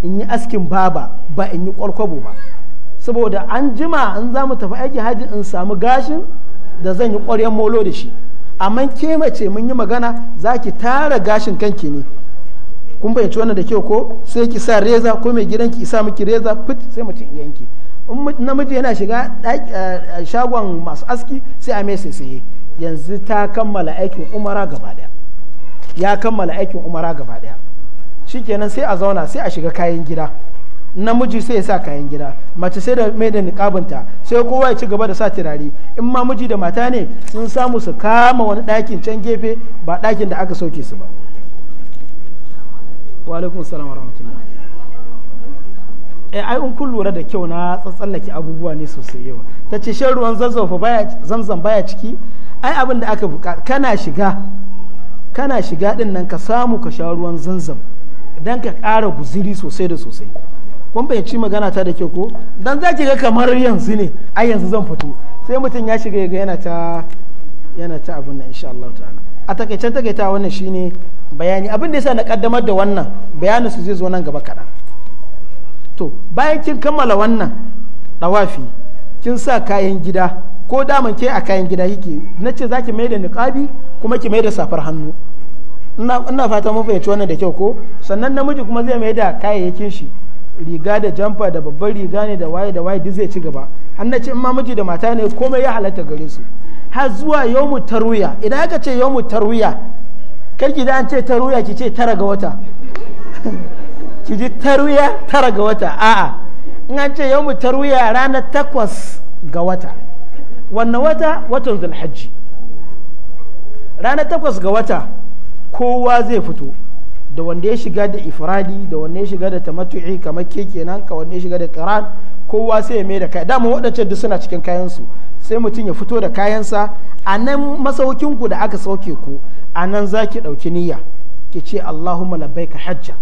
in yi askin baba ba in yi kwalkwabo ba saboda an jima in za mu tafi aikin hajji in samu gashin da zan yi ƙwaryen molo da shi amma ke mace mun yi magana za ki tara gashin kanki ne kun fahimci wannan da kyau ko sai ki sa reza ko mai gidanki isa miki reza fit sai mutum yanki namiji yana shiga eh, eh, shagon masu aski sai a mai sai yanzu ta kammala aikin umara gaba daya ya kammala aikin umara gaba daya shikenan sai a zauna sai a shiga kayan gida namiji sai ya sa kayan gida mace sai da mai da niƙabinta sai kowa ya ci gaba da sa turare in ma miji da mata ne sun samu su kama wani ɗakin can gefe ba ɗakin da aka sauke su ba wa salam rahmatullah eh, ai in kun lura da kyau na tsatsallake abubuwa ne sosai yawa ta ce shan ruwan zazzafa baya zamzam baya ciki ai abin da aka buƙata kana shiga kana shiga din nan ka samu ka sha ruwan zamzam don ka ƙara guziri sosai da sosai kun fahimci magana ta da ke ko dan za ki ga kamar yanzu ne ai yanzu zan fito sai mutum ya shiga ga yana ta yana ta abun nan insha Allah ta'ala a takaicen takaita wannan shine bayani abin da yasa na kaddamar da wannan bayanin su zai zo nan gaba kaɗan to bayan kin kammala wannan dawafi kin sa kayan gida ko daman ke a kayan gida yake na ce za ki mai da niƙabi kuma ki mai da safar hannu ina fata mun fahimci wannan da kyau ko sannan namiji kuma zai mai da kayayyakin shi riga da jamfa da babban riga ne da waye da waye duk zai ci gaba an nace in ma miji da mata ne komai ya halatta gare su har zuwa yawmu tarwiya idan aka ce yawmu tarwiya kar ki da an ce tarwiya ki ce tara ga wata ki ji tarwiya tara ga wata a'a in an ce yawmu tarwiya ranar takwas ga wata wannan wata watan zulhajji ranar takwas ga wata kowa zai fito da wanda ya shiga da ifradi da wanda ya shiga da tamatu'i kamar ke kenan ka wanda ya shiga da qiran kowa sai ya mai da kai dama waɗancan duk suna cikin kayansu sai mutum ya fito da kayansa a nan masaukin ku da aka sauke ku a nan za ki ɗauki niyya ki ce allahumma ka hajja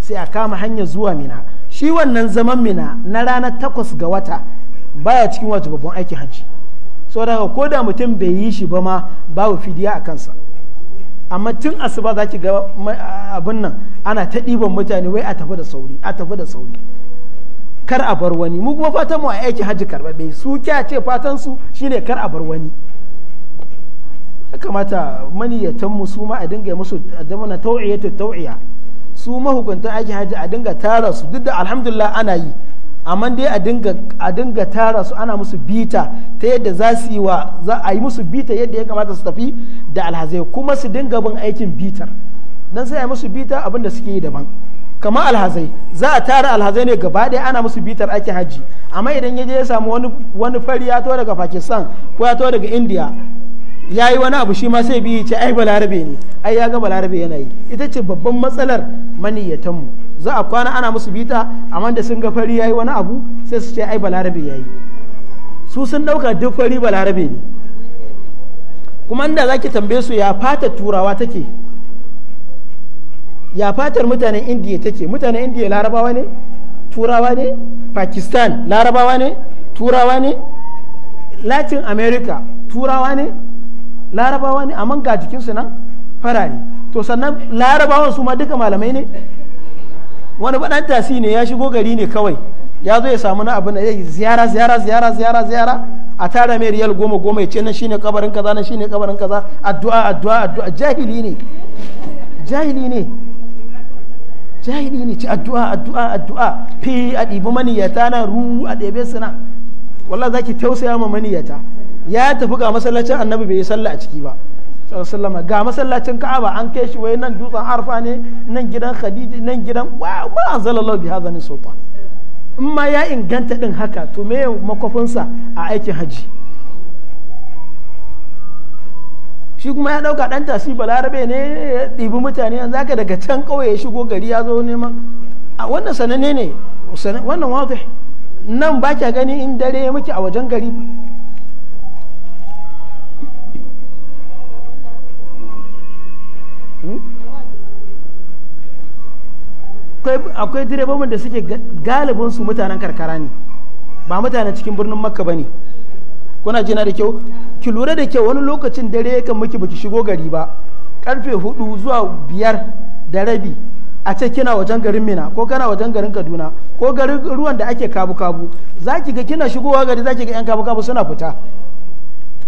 sai a kama hanyar zuwa mina shi wannan zaman mina na ranar takwas ga wata baya cikin wajen babban aikin hajji saboda ko da mutum bai yi shi ba ma babu fidiya a kansa amma tun asuba za ki ga abin nan ana ta ɗiban mutane wai a tafi da sauri a tafi da sauri kar a bar wani mu kuma fatan mu a aiki hajji karɓaɓɓe su kya ce fatan su shine kar a bar wani ya kamata maniyatan mu su ma a dinga musu damana tau'iyatu tau'iya su mahukuntan aikin hajji a dinga tara su duk da alhamdulillah ana yi amma dai a dinga tara su ana musu bita ta yadda za su yi wa za a yi musu bita yadda ya kamata su tafi da alhazai kuma su dinga bin aikin bitar dan sai a musu bita abin da suke yi daban kamar alhazai za a tara alhazai ne gaba ɗaya ana musu bitar aikin hajji amma idan ya je ya samu wani fari ya to daga pakistan ko ya to daga india ya yi wani abu shi ma sai bi ce ai balarabe ne ai ya ga balarabe yana yi ita ce babban matsalar maniyyatanmu za a kwana ana musu bita amma da sun ga fari ya yi wani abu sai su ce ai balarabe ya yi su sun ɗauka duk fari balarabe ne kuma inda za ki tambaye su ya fatar turawa take ya fatar mutanen indiya take mutanen indiya larabawa ne turawa ne pakistan larabawa ne turawa ne latin america turawa ne larabawa ne amma ga jikinsu nan ne to sannan larabawan su ma duka malamai ne wani baɗan tasi ne ya shigo gari ne kawai ya zo ya samu na abin da zai ziyara ziyara ziyara ziyara ziyara a tara mai riyal goma goma ya ce nan shine kabarin kaza nan shine kabarin kaza addu'a addu'a addu'a jahili ne jahili ne jahili ne ci addu'a addu'a addu'a fi a ɗibi maniyata na ru a ɗebe suna wallah zaki tausaya ma maniyata ya tafi ga masallacin annabi bai yi sallah a ciki ba sallama ga masallacin ka'aba an kai shi wai nan dutsen arfa ne nan gidan khadija nan gidan wa ba anzalallahu bi hadha min sultan in ma ya inganta din haka to me makofinsa a aikin haji shi kuma ya dauka dan tasi balarabe ne ya ɗibi mutane yanzu haka daga can kauye ya shigo gari ya zo neman a wannan sananne ne wannan wato nan ba gani in dare muke a wajen gari akwai direbobin da suke galibin su mutanen karkara ne ba mutanen cikin birnin makka ba ne kuna jina da kyau ki lura da kyau wani lokacin dare yakan miki baki shigo gari ba karfe hudu zuwa biyar da rabi a ce kina wajen garin mina ko kana wajen garin kaduna ko garin ruwan da ake kabu kabu za ki ga kina shigowa gari za ki ga yan kabu kabu suna fita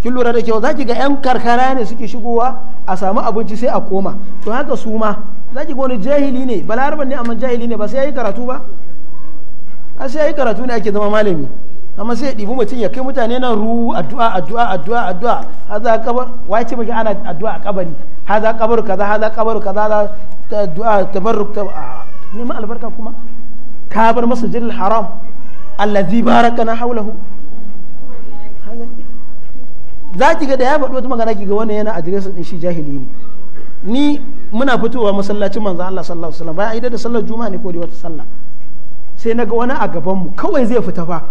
kin lura da kyau za ki ga yan karkara ne suke shigowa a samu abinci sai a koma to haka su ma za ki wani jahili ne balaraban ne amma jahili ne ba sai ya yi karatu ba a sai ya yi karatu ne ake zama malami amma sai ya ɗibi mutum ya kai mutane nan ru addu'a addu'a addu'a addu'a haza kabar wai ce maka ana addu'a a kabari haza kabar kaza haza kabar kaza ta addu'a tabarruk ta neman albarka kuma ka bar masjidil haram allazi barakana haulahu za ki ga da ya faɗi wata magana ki ga wannan yana adiresin din shi jahili ne ni muna fitowa masallaci manzo Allah sallallahu alaihi wasallam ba idan da sallar juma'a ne ko da wata sallah sai naga wani a gaban mu kawai zai fita fa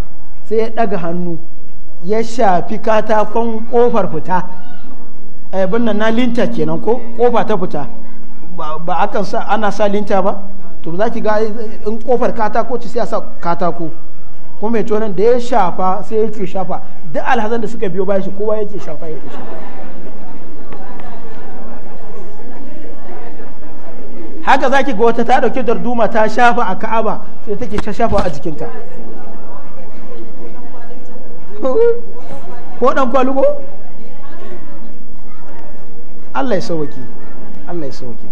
sai ya daga hannu ya shafi katakon kofar fita eh, abin nan na linta kenan ko kofa ta fita ba akan sa ana sa linta ba to za ki ga in kofar katako ci sai a sa katako kuma mai tonan da ya shafa sai yake shafa duk alhazan da suka biyo bayan shi kowa yake shafa yake shafa haka za ki wata ta dauki darduma ta shafa a ka'aba sai take ta shafa a jikinta ko dan kwalugo Allah ya sauwaki Allah ya sauwaki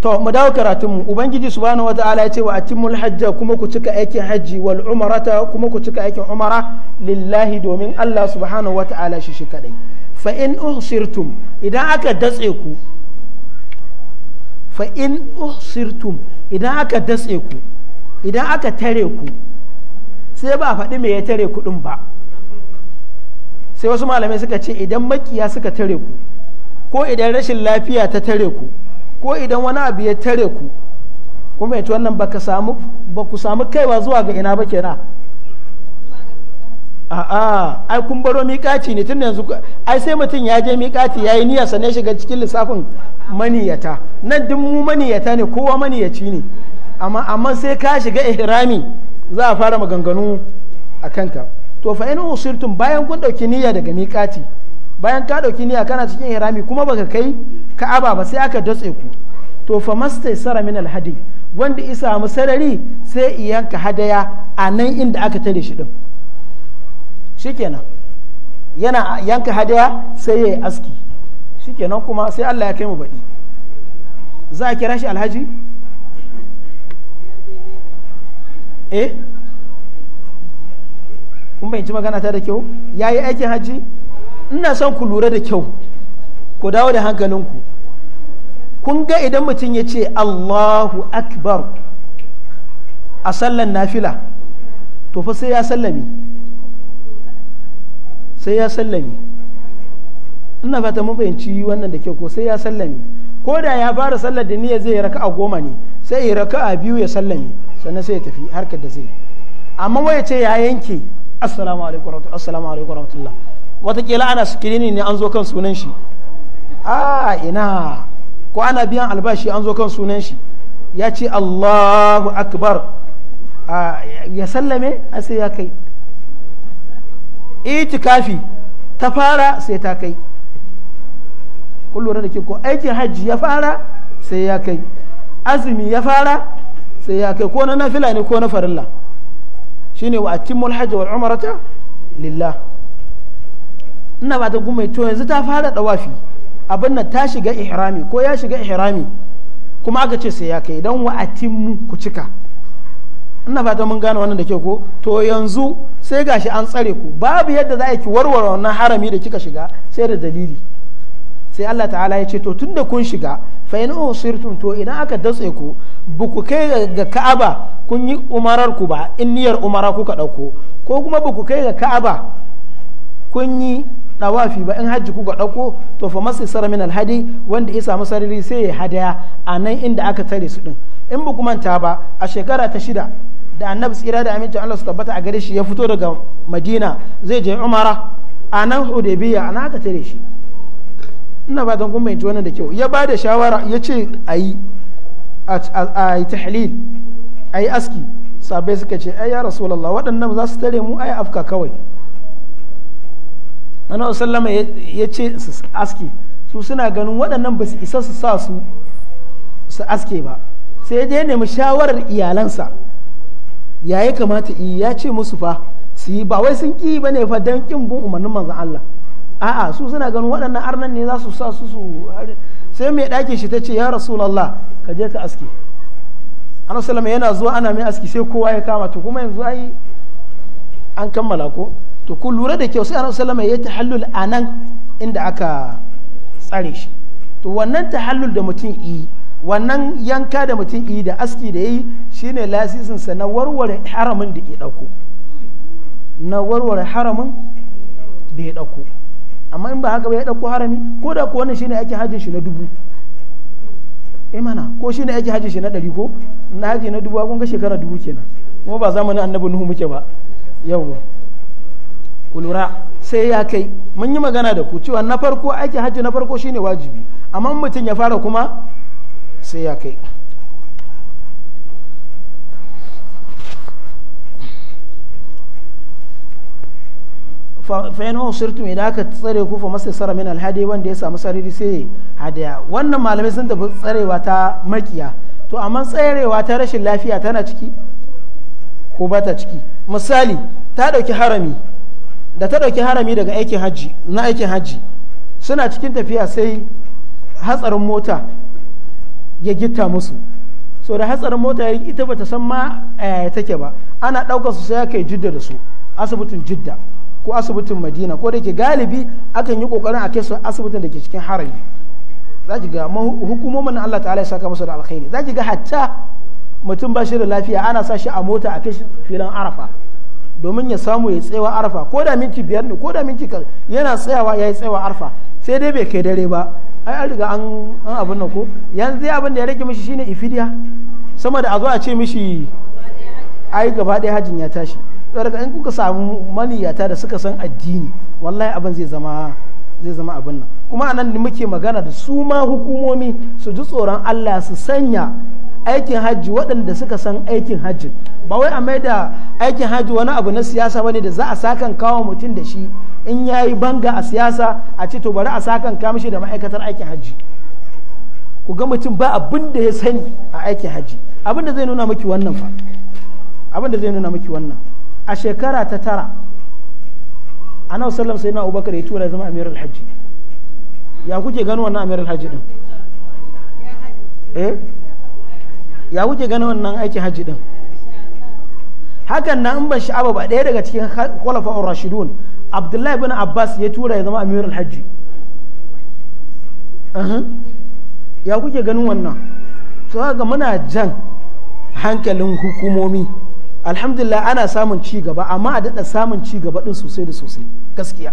to mu dawo karatunmu ubangiji subhanahu wata'ala ya ce wa atimul hajja kuma ku cika aikin hajji wal umrata kuma ku cika aikin umara lillahi domin Allah subhanahu wata'ala shi shi kadai fa in uhsirtum idan aka datse ku fa in usirtum idan aka datse ku idan aka tare ku sai ba faɗi me ya tare ku ɗin ba sai wasu malamai suka ce idan makiya suka tare ku ko idan rashin lafiya ta tare ku ko idan wani abu ya tare ku kuma yace wannan samu ba ku samu kaiwa zuwa ga ina ba kenan a'a ai kun baro miƙaci ne tun yanzu ai sai mutum ya je miƙaci ya yi niyya sane shiga cikin lissafin maniyata nan duk mu maniyata ne kowa maniyaci ne amma amma sai ka shiga ihrami za a fara maganganu a kanka to fa in usirtum bayan kun dauki niyya daga miƙaci bayan ka dauki niyya kana cikin ihrami kuma baka kai ka'aba ba sai aka datse ku to fa mastaisara min alhadi wanda isa mu sarari sai iyanka hadaya a nan inda aka tare shi din shikenan yana yanka hadaya sai ya yi aski shikenan kuma sai Allah ya kai mu baɗi za a kira shi alhaji eh kun bayyanci magana ta da kyau ya yi aikin haji ina son ku lura da kyau ku dawo da hankalinku kun ga idan mutum ya ce allahu akbar a sallan nafila to fa sai ya sallami. sai ya sallami ina fata mun fahimci wannan da kyau ko sai ya sallami ko da ya fara sallar da niyyar zai raka'a goma ne sai ya raka'a biyu ya sallami sannan sai ya tafi harkar da zai amma wai ce ya yanke assalamu alaikum assalamu alaikum warahmatullah watakila ana sikirini ne an zo kan sunan shi a ina ko ana biyan albashi an zo kan sunan shi ya ce allahu akbar ya sallame a sai ya kai itikafi ta fara sai ta kai kullum da ke ko aikin hajji ya fara sai ya kai azumi ya fara sai ya kai ko na nafila ne ko na farilla shine wa atimul hajji wa umarata lillah ina ba ta gumai to yanzu ta fara dawafi abin nan ta shiga ihrami ko ya shiga ihrami kuma aka ce sai ya kai don wa mu ku cika ina fata mun gane wannan da ke ko to yanzu sai gashi an tsare ku babu yadda za a ki warware wannan harami da kika shiga sai da dalili sai Allah ta'ala ya ce to tun da kun shiga fa in usirtum to idan aka datse ku bu ku kai ga Ka'aba kun yi umarar ku ba in niyyar umara kuka dauko ko kuma bu ku kai ga Ka'aba kun yi dawafi ba in hajji kuka dauko to fa masu sara min alhadi wanda ya samu sarari sai ya hadaya a nan inda aka tare su din in ba manta ba a shekara ta shida da annabi tsira da amincin Allah su tabbata a gare shi ya fito daga Madina zai je Umara a nan Hudaybiya a nan aka tare shi ina don kun bayyana wannan da kyau ya ba da shawara ya ce a yi a yi tahlil ayi aski sabai suka ce ai ya rasulullah waɗannan za su tare mu yi afka kawai manawar sallama ya ce su aske su suna ganin waɗannan ba su isa su sa su su aske ba sai ya je nemi shawarar iyalansa ya yi kamata yi ya ce musu fa su yi ba wai sun ƙi ba ne fa don ƙin bin umarnin manzan Allah a'a su suna ganin waɗannan arnan ne za su sa su su sai mai ɗakin shi ta ce ya rasulallah ka je ka aske anasalama yana zuwa ana mai aski sai kowa ya kama to kuma yanzu ai an kammala ko to ku lura da kyau sai annabi sallama ya tahallul anan inda aka tsare shi to wannan tahallul da mutum yi wannan yanka da mutum yi da aski da yi shine lasisin sa na warware haramin da ya dauko na warware haramin da ya dauko amma in ba haka ba ya dauko harami ko da ko wannan shine yake hajjin shi na dubu imana eh ko shine yake hajjin shi na dari ko na haji na dubu kun ga shekara dubu kenan kuma ba zamanin annabi nuhu muke ba yawwa Kulura lura sai ya kai mun yi magana da ku cewa na farko aikin hajji na farko shine wajibi amma mutum ya fara kuma sai ya kai fa'in usirtum idan aka tsare kufa masa masaisara min alhadi wanda ya samu sarari sai hadaya wannan malamai sun tafi tsarewa ta makiya to amma tsarewa ta rashin lafiya tana ciki ko ba ta ciki misali ta ɗauki harami da ta ɗauki harami daga aikin hajji na aikin hajji suna cikin tafiya sai hatsarin mota ya gita musu so da hatsarin mota ya ita bata san ma yaya eh, take ba ana ɗaukar su sai aka yi jidda da su asibitin jidda ko asibitin madina ko da ke galibi akan yi kokarin a kai su asibitin da ke cikin harami za ki ga hukumomin Allah ta'ala ya saka masa da alkhairi za ki ga hatta mutum ba shi da lafiya ana sa shi a mota a kai filin arafa domin ya samu ya tsewa arfa ko da minti biyar ne ko da minti kaza yana tsayawa ya yi tsewa arfa sai dai bai kai dare ba ai an riga an abin nan ko yanzu abin da ya rage mishi shine ifidiya sama da a zo a ce mishi ai gaba ɗaya hajin ya tashi daga in kuka samu maniyata da suka san addini wallahi abin zai zama zai zama abin nan kuma anan muke magana da su ma hukumomi su ji tsoron Allah su sanya aikin hajji waɗanda suka san aikin hajji ba wai a mai da aikin hajji wani abu na siyasa bane da za a sakan kawo mutum da shi in ya yi banga a siyasa a ce to bari a sakan kawo shi da ma'aikatar aikin hajji ku ga mutum ba abin da ya sani a aikin hajji abin da zai nuna miki wannan fa abin da zai nuna miki wannan a shekara ta tara ana sallam sai na abubakar ya tura zama amiral hajji ya kuke gano wannan amiral hajji din eh ya wuce ganin wannan aikin hajji din hakan na in ban sha'aba ba ɗaya daga cikin kwalafa'un rashidun abdullahi bin abbas ya tura ya zama amir alhaji ya kuke ganin wannan su ga muna jan hankalin hukumomi alhamdulillah ana samun ci gaba amma a daɗa samun ci gaba ɗin sosai da sosai gaskiya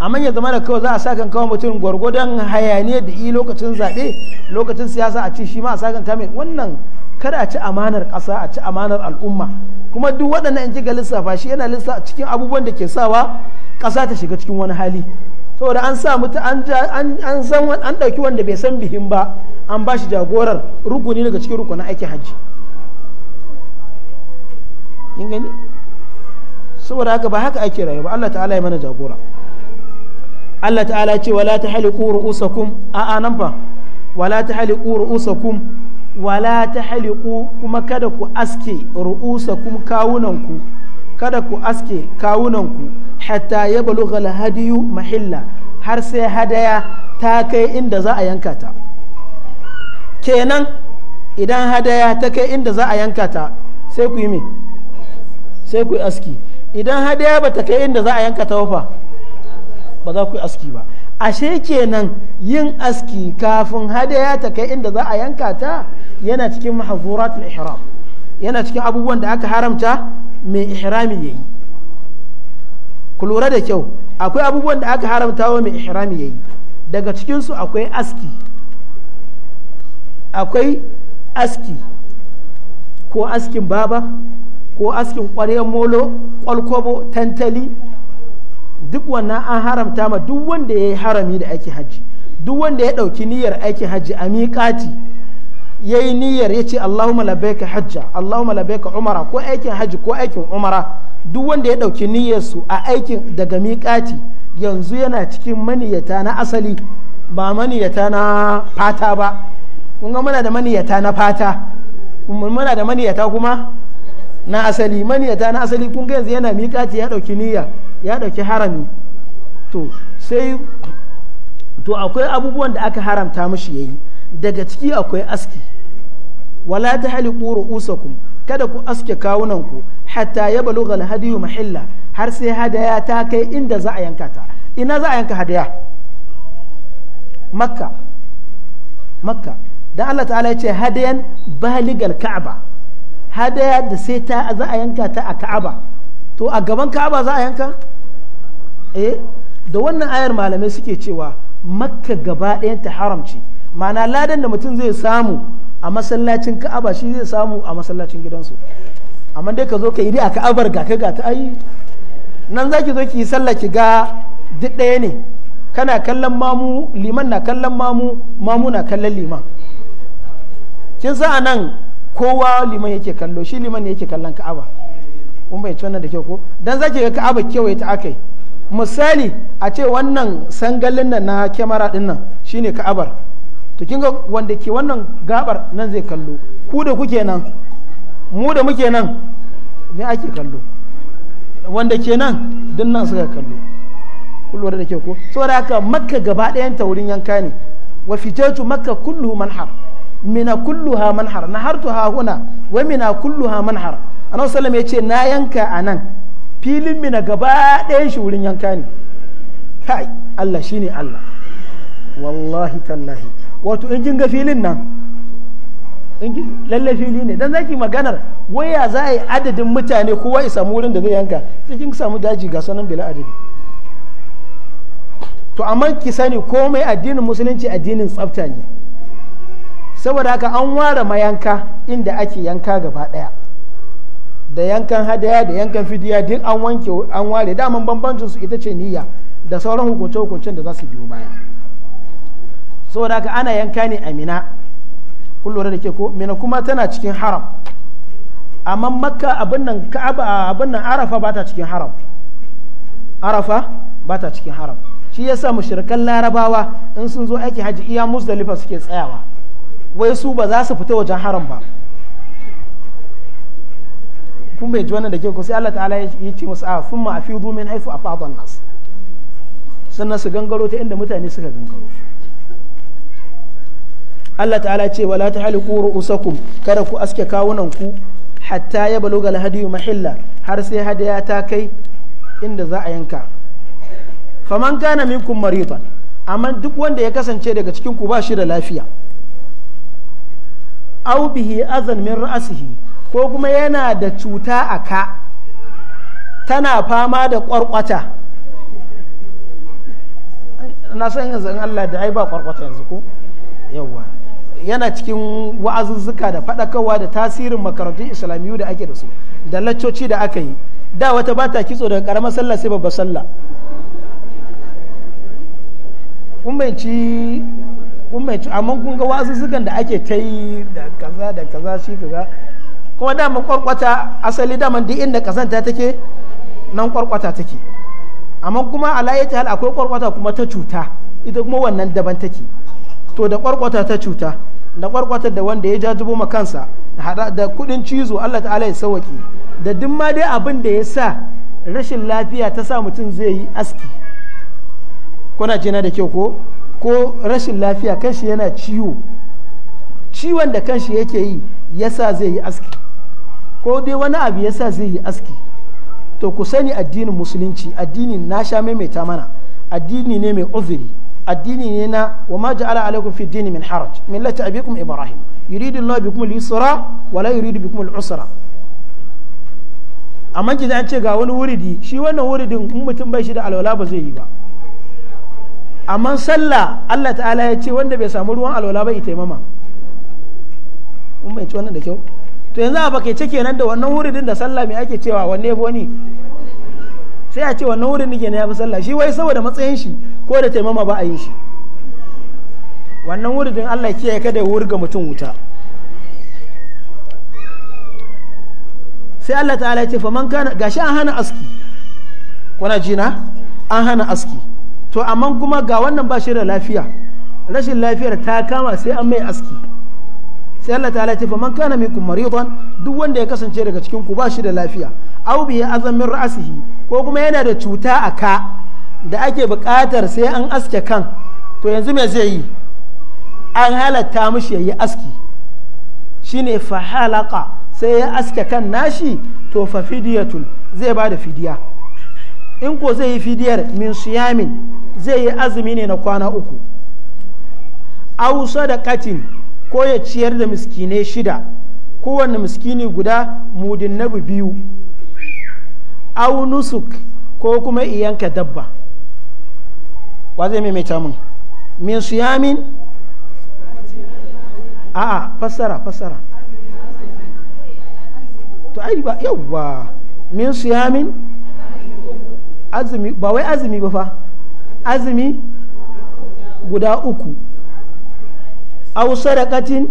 amma ya zama da kawai za a sakan kawo mutum gwargwadon hayaniya da yi lokacin zaɓe lokacin siyasa a ci shi ma a sakan kame wannan kada a ci amanar ƙasa a ci amanar al'umma kuma duk waɗannan in ji ga lissafa shi yana lissafa cikin abubuwan da ke sawa ƙasa ta shiga cikin wani hali saboda an sa mutu an san an ɗauki wanda bai san bihin ba an ba shi jagorar rukuni daga cikin rukunin aikin hajji saboda haka ba haka ake rayuwa ba Allah ta'ala ya mana jagora Allah ta'ala ce wala haliku ru'usakum a anan fa wala haliku ru'usakum wala haliku kuma kada ku aske ru'usakum kawunanku kada ku aske kawunanku hatta ya balugha hadiyu mahilla har sai hadaya ta kai inda za a yanka ta kenan idan hadaya ta kai inda za a yanka ta sai ku yi me sai ku yi aski idan hadaya ba ta kai inda za a yanka ta wafa ba za ku yi aski ba ashe kenan yin aski kafin hadaya ta kai inda za a yanka ta yana cikin mahazuratul ihram yana cikin abubuwan da aka haramta mai ihrami yi. ku lura da kyau akwai abubuwan da aka haramta wa mai ihrami yi daga cikinsu akwai aski akwai aski ko askin baba ko askin ƙwaryen molo ƙwalkwabo tantali duk wannan an haramta ma duk wanda ya yi harami da aikin hajji duk wanda ya ɗauki niyyar aikin hajji a miƙati ya yi niyyar ya ce allahumma labbaika hajja allahumma labbaika umara ko aikin hajji ko aikin umara duk wanda ya ɗauki niyyarsu a aikin daga miƙati yanzu yana cikin maniyata na asali ba maniyata na fata ba kun ga muna da maniyata na fata muna da maniyata kuma na asali maniyata na asali kun ga yanzu yana miƙati ya ɗauki niyya ya ɗauki harami to sai to akwai abubuwan da aka haramta mashi yayi daga ciki akwai aski wala ta haliku ru'usakum kada ku aske kawunanku hatta ya baluga hadiyu mahilla har sai hadaya ta kai inda za a yanka ta ina za a yanka hadaya makka makka dan Allah ta'ala ya ce hadayan baligal ka'aba hadaya da sai ta za a yanka ta a ka'aba to a gaban ka'aba za a yanka eh da wannan ayar malamai suke cewa makka gaba ta haramci ma'ana ladan da mutum zai samu a masallacin ka'aba shi zai samu a masallacin gidansu amma dai ka zo ka yi dai a ka'abar ga ka ga ta ayi nan za ki zo ki sallah ki ga duk ɗaya ne kana kallon mamu liman na kallon mamu mamu na kallon liman kin sa nan kowa liman yake kallo shi liman ne yake kallon ka'aba kun bai wannan da kyau ko dan zaki ga ka'aba kewaye ta akai misali a ce wannan sangalin nan na kyamara din nan shine ka'abar to kin ga wanda ke wannan gabar nan zai kallo ku da kuke nan mu da muke nan ne ake kallo wanda ke nan din nan suka kallo kullum da ke ko saboda haka makka gaba ɗayan ta wurin yanka ne wa fitatu makka kulluhu manhar mina kulluha manhar nahartuha huna wa mina kulluha manhar annabi sallam ya ce na yanka a nan filin na gaba ɗaya shi wurin yanka ne kai Allah shine Allah wallahi tallahi wato in kin ga filin nan lalle fili ne dan zaki maganar waya za a yi adadin mutane kowa ya samu wurin da zai yanka kin samu daji ga sanan bila adadi to amma ki sani komai addinin musulunci addinin tsafta ne saboda haka an ware mayanka inda ake yanka gaba daya da yankan hadaya da yankan fidiya duk an wanke an ware daman bambancin su ita ce niyya da sauran hukunce hukuncen da za su biyo baya saboda haka ana yanka ne a mina kun lura da ke ko mina kuma tana cikin haram amma makka abin nan ka'aba abin nan arafa ba ta cikin haram arafa ba ta cikin haram shi yasa mushrikan larabawa in sun zo aiki haji iya musdalifa suke tsayawa wai su ba za su fita wajen haram ba kun bai ji wannan da ke ku sai Allah ta'ala ya ce musu a ah, sun ma afidu min haifu fadon nasu. sannan su gangaro ta inda mutane suka gangaro Allah ta'ala ce wala kuru usakum kada ku aske kawunan ku hatta ya baluga hadiyu mahilla har sai hadaya ta kai inda za a yanka faman kana minkum maridan amma duk wanda ya kasance daga cikin ku ba shi da lafiya Aubihi bihi azan min ra'sihi ko kuma yana da cuta a ka tana fama da ƙwarƙwata na san yanzu in Allah da ai ba ƙwarƙwata yanzu ko yawwa yana cikin wa'azuzzuka da faɗakarwa da tasirin makarantun islamiyu da ake da su da laccoci da aka yi da wata ba ta kitso daga ƙaramar sallah sai babbar sallah kumbanci kumbanci amma kun ga wa'azuzzukan da ake ta yi da kaza da kaza shi kaza kuma dama kwarkwata asali daman duk inda kazanta take nan kwarkwata take amma kuma layi hal akwai kwarkwata kuma ta cuta ita kuma wannan daban take to da kwarkwata ta cuta da kwarkwata da wanda ya jajibo ma kansa da kudin cizo Allah ta'ala ya sawaki da duk ma dai abin da ya sa rashin lafiya ta sa mutum zai yi aski kuna jina da kyau ko ko rashin lafiya kanshi yana ciwo ciwon da kanshi yake yi yasa zai yi aski ko dai wani abu ya sa zai yi aski to ku sani addinin musulunci addini na sha maimaita mana addini ne mai uzuri addini ne na wa ma ja'ala alaikum fi dini min haraj millati abikum ibrahim yuridu Allah bikum al-yusra wa la yuridu bikum al-usra amma ki an ce ga wani wuridi shi wannan wuridin in mutum bai shi da alwala ba zai yi ba amma sallah Allah ta'ala ya ce wanda bai samu ruwan alwala ba ita mama bai ci wannan da kyau to yanzu a bakaice ce kenan da wannan wuridin da sallah mai ake cewa wanne boni sai a ce wannan wurin nake na fi sallah shi wai saboda matsayin shi ko da taimama ba a yi shi wannan wuridin Allah kiyaye kada ya wurga mutum wuta sai Allah ta'ala ya ce faman kana gashi an hana aski kuna jina an hana aski to amma kuma ga wannan ba shi da lafiya rashin lafiyar ta kama sai an mai aski sai Allah ta ce faman kana kuma maridan duk wanda ya kasance daga cikin ku ba shi da lafiya aw bi azamin ra'sihi ko kuma yana da cuta a ka da ake buƙatar sai an aske kan to yanzu me zai yi an halatta mishi yayi aski shine fa sai ya aske kan nashi to fa fidiyatun zai ba da fidiya in ko zai yi fidiyar min siyamin zai yi azumi ne na kwana uku aw katin. ko ya ciyar da miskinai shida kowane miskini guda mudin na biyu au nusuk ko kuma iyanka dabba wa zai maimaita mun min suyamin a'a fassara fassara to ai ba yawwa min suyamin azumi ba wai azumi ba fa azumi guda uku aw sadaqatin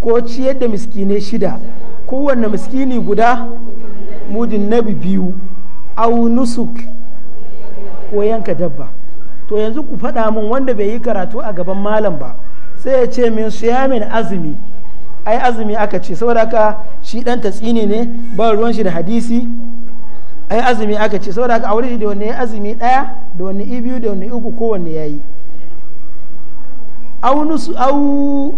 ko ciyar da miskinai shida kowanne miskini guda mudin nabi biyu aw nusuk ko yanka dabba to yanzu ku faɗa min wanda bai yi karatu a gaban malam ba sai ya ce min siyamin azumi ai azumi aka ce saboda haka shi dan tatsini ne ba ruwan shi da hadisi ai azumi aka ce saboda haka a wurin da wani azumi daya da wani biyu da wani uku kowanne yayi au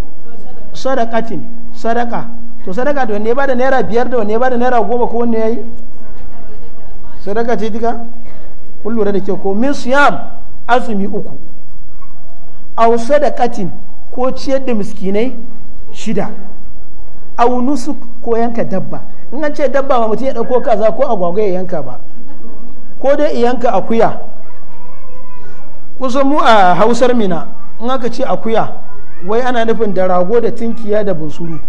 sadakatin sadaka to sadaka to ne ba da naira biyar da wanne ba da naira goma ko wanne ya yi sadaka ce dika kun lura da kyau ko min siyam azumi uku au sadakatin ko ciyar da miskinai shida au nusuk ko yanka dabba in an ce dabba ba mutum ya dauko kaza ko agwagwa ya yanka ba ko dai yanka akuya kusan mu a hausar mina in aka ce akuya wai ana nufin da rago da tinkiya da bunsuru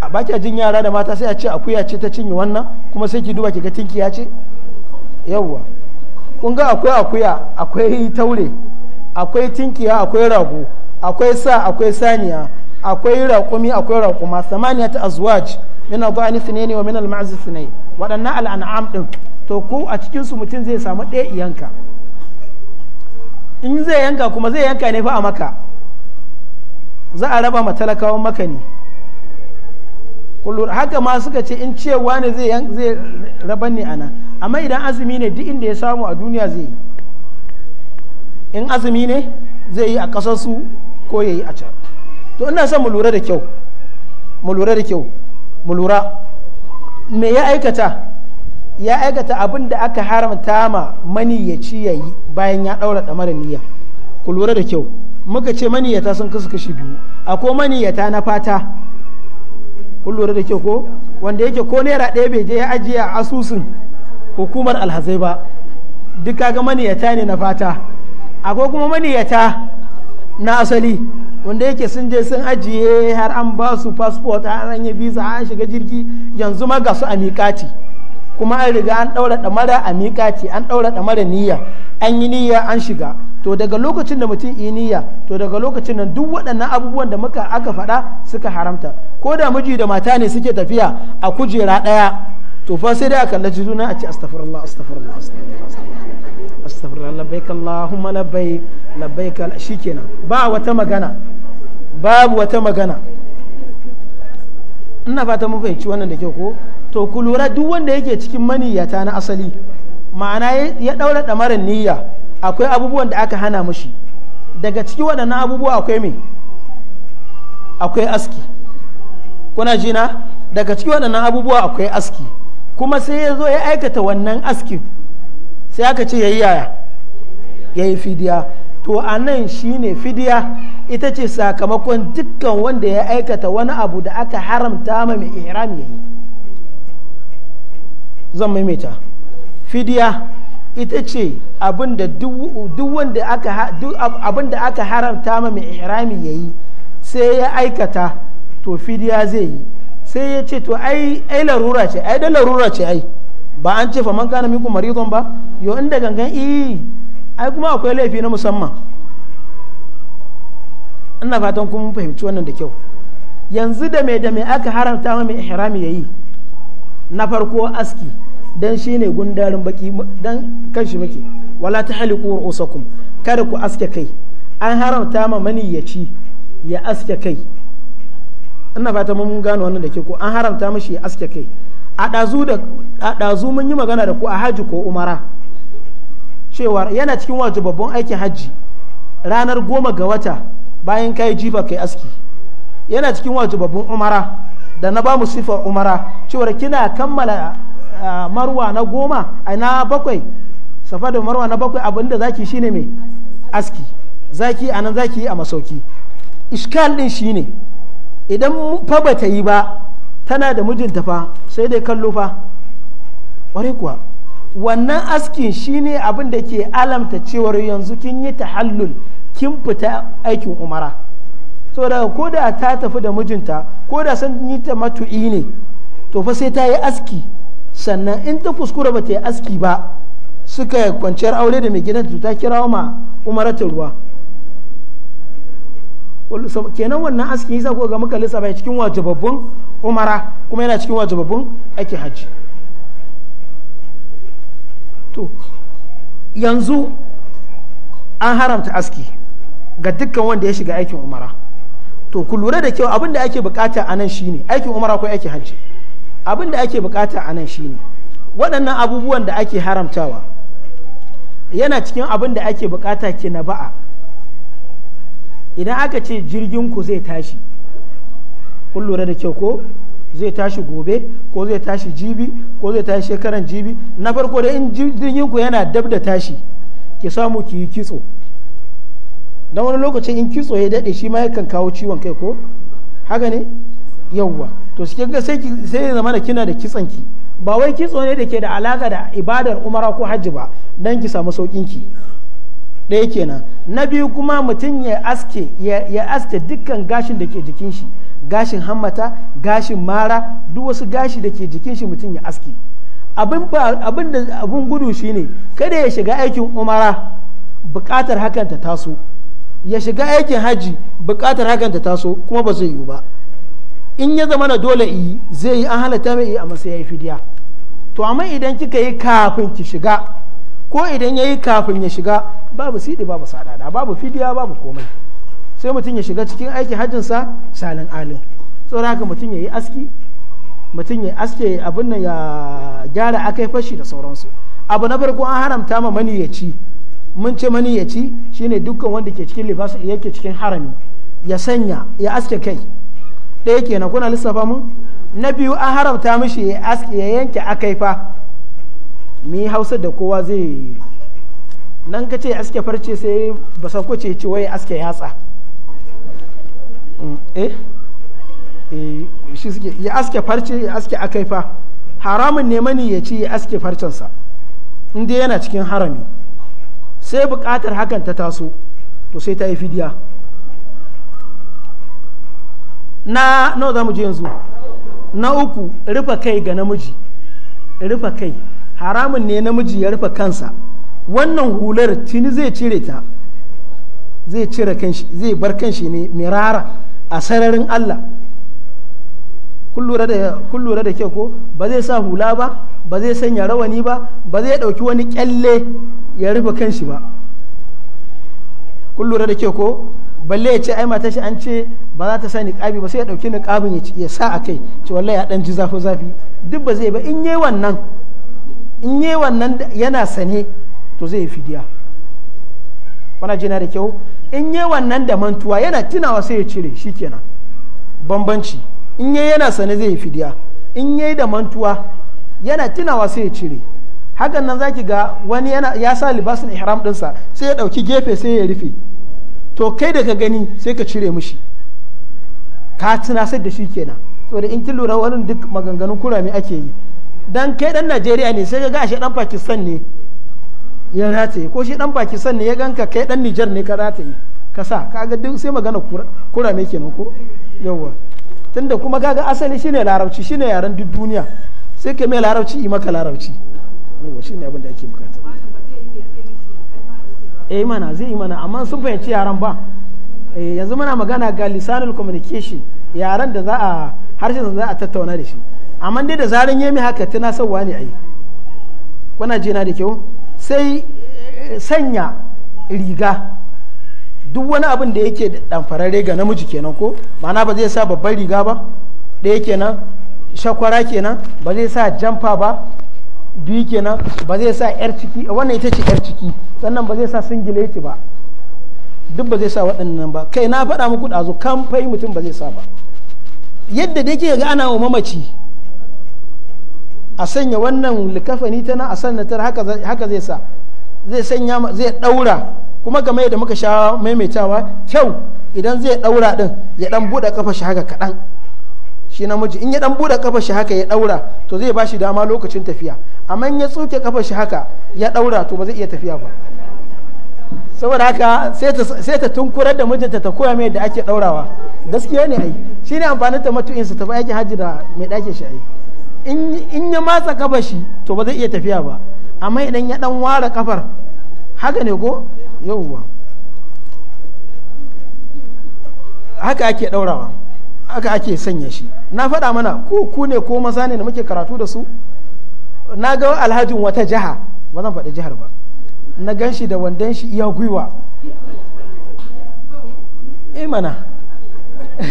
a baki jin yara da mata sai a ce akuya ce ta cinye wannan kuma sai ki duba ki ga tinkiya ce yawwa kun ga akwai akuya akwai taure akwai tinkiya akwai rago akwai sa akwai saniya akwai raƙumi akwai raƙuma samaniya ta azwaj min adani sunaini wa min al-ma'z waɗannan al'an'am din to ko a cikin su mutum zai samu ɗaya iyanka in zai yanka kuma zai yanka ne fa a maka za a raba ma talakawan maka ne haka ma suka ce in cewa ne zai raban ne ana amma idan azumi ne duk inda ya samu a duniya zai yi in azumi ne zai yi a ƙasarsu ko ya yi a can to ina son mu lura da kyau mu lura da kyau mu lura me ya aikata ya aikata abin da aka haramta ma maniyyaci ya yi bayan ya ɗaura mara niyya ku lura da kyau muka ce maniyyata sun kasu kashi biyu akwai maniyyata na fata ku lura da kyau ko wanda yake ko naira ɗaya bai je ya ajiye a asusun hukumar alhazai ba duk kaga maniyyata ne na fata akwai kuma maniyyata na asali wanda yake sun je sun ajiye har an ba su fasfot har an yi visa an shiga jirgi yanzu ma ga su a miƙati kuma an riga an ɗaura ɗamara a miƙa ce an ɗaura ɗamara niyya an yi niyya an shiga to daga lokacin da mutum yi niyya to daga lokacin nan duk waɗannan abubuwan da muka aka faɗa suka haramta ko da miji da mata ne suke tafiya a kujera ɗaya to fa sai dai a kallaci juna a ce astaghfirullah astaghfirullah astaghfirullah astaghfirullah labbaik allahumma labbaik labbaik shikenan ba wata magana babu wata magana ina fata mun fahimci wannan da ke ko to ku lura duk wanda yake cikin maniyyata na asali ma'ana ya daura damarin niyya akwai abubuwan da aka hana mushi daga ciki waɗannan abubuwa akwai me akwai aski kuna jina daga ciki waɗannan abubuwa akwai aski kuma sai ya zo ya aikata wannan aski sai aka ce ya yi yaya ya yi fidiya to anan nan shi ne fidiya ita ce sakamakon dukkan wanda ya aikata wani abu da aka haramta ma mai ihram yayi zan maimaita fidiya ita ce abin da aka da aka haramta ma mai ihrami yayi sai ya aikata to fidiya zai yi sai ya ce to ai ai larura ce ai da larura ce ai ba an ce fa man kana miku maridon ba yo inda gangan i ai kuma akwai laifi na musamman ina fatan kuma mun fahimci wannan da kyau yanzu da mai da mai aka haramta mai ihrami yayi na farko aski dan shine gundarin baki dan kanshi muke wala tahliqu ru'usakum kada ku aske kai an haramta ma mani ya ci ya aske kai ina fatan mun gano wannan da ke ko an haramta mashi ya aske kai a ɗazu da a mun yi magana da ku a haji ko umara cewa yana cikin wajibabbun aikin hajji ranar goma ga wata bayan kayi jifa kai aski yana cikin wajibabbin umara da na ba mu sifar umara cewa kina kammala marwa na goma a na bakwai safa da marwa na bakwai abinda zaki shine mai aski zaki a nan zaki a masauki iskal din shine idan fa ba ta yi ba tana da mijinta fa sai dai kallo fa ƙwarai kuwa wannan askin shine abin da ke alamta cewar yanzu kin yi tahallul kin fita aikin umara saboda ko da ta tafi da mijinta ko da san yi ta matu'i ne to fa sai ta yi aski sannan in ta kuskura ba ta yi aski ba suka kwanciyar aure da mai gidan to ta kira ma ta ruwa kenan wannan aski yasa ko ga muka lissafa cikin wajibabbun umara kuma yana cikin wajibabbun ake hajji to yanzu an haramta aski ga dukkan wanda ya shiga aikin umara to ku lura da kyau abin da ake bukata a nan shine aikin umara ko aikin hajji abin da ake bukata a nan shine waɗannan abubuwan da ake haramtawa yana cikin abin da ake bukata ke na ba'a idan aka ce jirgin ku zai tashi ku lura da kyau ko zai tashi gobe ko zai tashi jibi ko zai tashi shekaran jibi na farko da in jirgin ku yana dab da tashi ki samu ki yi kitso don wani lokacin in kitso ya daɗe shi ma yakan kawo ciwon kai ko haka ne yawwa to shi ga sai ya zama kina da kitson ki ba wai kitso ne da ke da alaka da ibadar umara ko hajji ba don ki samu saukin ki ɗaya kenan na biyu kuma mutum ya aske ya aske dukkan gashin da ke jikin shi gashin hammata gashin mara duk wasu gashi da ke jikin shi mutum ya aske abin da abin gudu shine kada ya shiga aikin umara bukatar hakan ta taso ya shiga aikin haji bukatar hakan ta taso kuma ba zai yiwu ba in ya zama na dole yi zai yi an halatta mai a masa yi fidiya to amma idan kika yi kafin ki shiga ko idan ya yi kafin ya shiga babu sidi babu sadada babu fidiya babu komai sai mutum ya shiga cikin aikin hajjinsa salin alin tsoron haka mutum ya yi aski mutum ya aske abin nan ya gyara akai fashi da sauransu abu na farko an haramta ma maniyaci mun ce mani ya shi shine dukkan wanda ke cikin libas yake cikin harami ya sanya ya aske kai ɗaya kenan kuna lissafa mun na biyu an haramta mishi ya aske ya yanke akaifa mi hausa da kowa zai nan ka ce aske farce sai ba sa ce ce wai aske yatsa mm, eh? eh shi suke ya aske farce ya aske fa haramun ne mani ya ci ya aske farcensa inda yana cikin harami sai bukatar hakan ta taso to sai ta yi fidiya na nawa za mu je yanzu na uku rufe kai ga namiji rufe kai haramun ne namiji ya rufe kansa wannan hular tuni zai cire ta zai cire kanshi zai bar kanshi ne mirara a sararin Allah kun da ke ko ba zai sa hula ba ba zai sanya rawani ba ba zai ɗauki wani kyalle ya rufe kanshi ba kun da ke ko balle ya ce ai mata shi an ce ba za ta sa kabi ba sai ya dauki kabin ya sa a kai ce wallahi ya dan ji zafi zafi duk ba zai ba in yi wannan in yi wannan yana sane to zai yi fidiya wana jina da kyau in yi wannan da mantuwa yana tunawa sai ya cire shi kenan bambanci in yi yana sane zai yi fidiya in yi da mantuwa yana tunawa sai ya cire hakan nan zaki ga wani yana ya sa libasin ihram dinsa sai ya dauki gefe sai ya rufe to kai da ka gani sai ka cire mishi ka tunasar da shi kenan saboda in kin lura wani duk maganganun kurame ake yi dan kai dan Najeriya ne sai ka ga shi dan Pakistan ne ya rata ko shi dan Pakistan ne ya ganka kai dan Niger ne ka yi ka sa kaga duk sai magana kurame kenan ko yawa tunda kuma kaga asali shine larabci shine yaren duk duniya sai ka mai larabci yi maka larabci yawa ne abin da ake bukata eh, mana zai mana amma sun fahimci yaran ba eh, yanzu muna magana ga lisanul communication yaran da za a harshen za a tattauna da shi amma dai da zaran yemi haka tana sauwa ne yi kuna jina da kyau sai eh, sanya riga duk wani abin da yake damfararre ga namiji kenan ko ma'ana ba zai sa babban riga ba ɗaya kenan shakwara kenan ba zai sa jamfa ba biyu kenan ba zai sa yar ciki wannan ita ce yar ciki sannan ba zai sa singileti ba duk ba zai sa waɗannan ba kai na faɗa muku ɗazu kamfai mutum ba zai sa ba yadda da ke ga ana wa mamaci a sanya wannan likafani tana a tara haka zai sa zai sanya zai ɗaura kuma game da muka sha maimaitawa kyau idan zai ɗaura ɗin ya ɗan buɗe kafa shi haka kaɗan shi namiji in ya dan bude kafa shi haka ya daura to zai bashi dama lokacin tafiya amma in ya tsuke kafar shi haka ya daura to ba zai iya tafiya ba saboda haka sai ta tunkurar da mijinta ta koya mai da ake daurawa gaskiya ne ai shine amfanin ta matu'in su tafi aikin hajji da mai dakin shi ai in ya matsa kafashi shi to ba zai iya tafiya ba amma idan ya dan ware kafar haka ne ko yauwa haka ake daurawa Aka ake sanya shi na faɗa mana ku ku ne ko maza ne da muke karatu da su na ga alhajin wata jiha ba zan faɗi jihar ba na gan shi da wandan shi iya gwiwa eh mana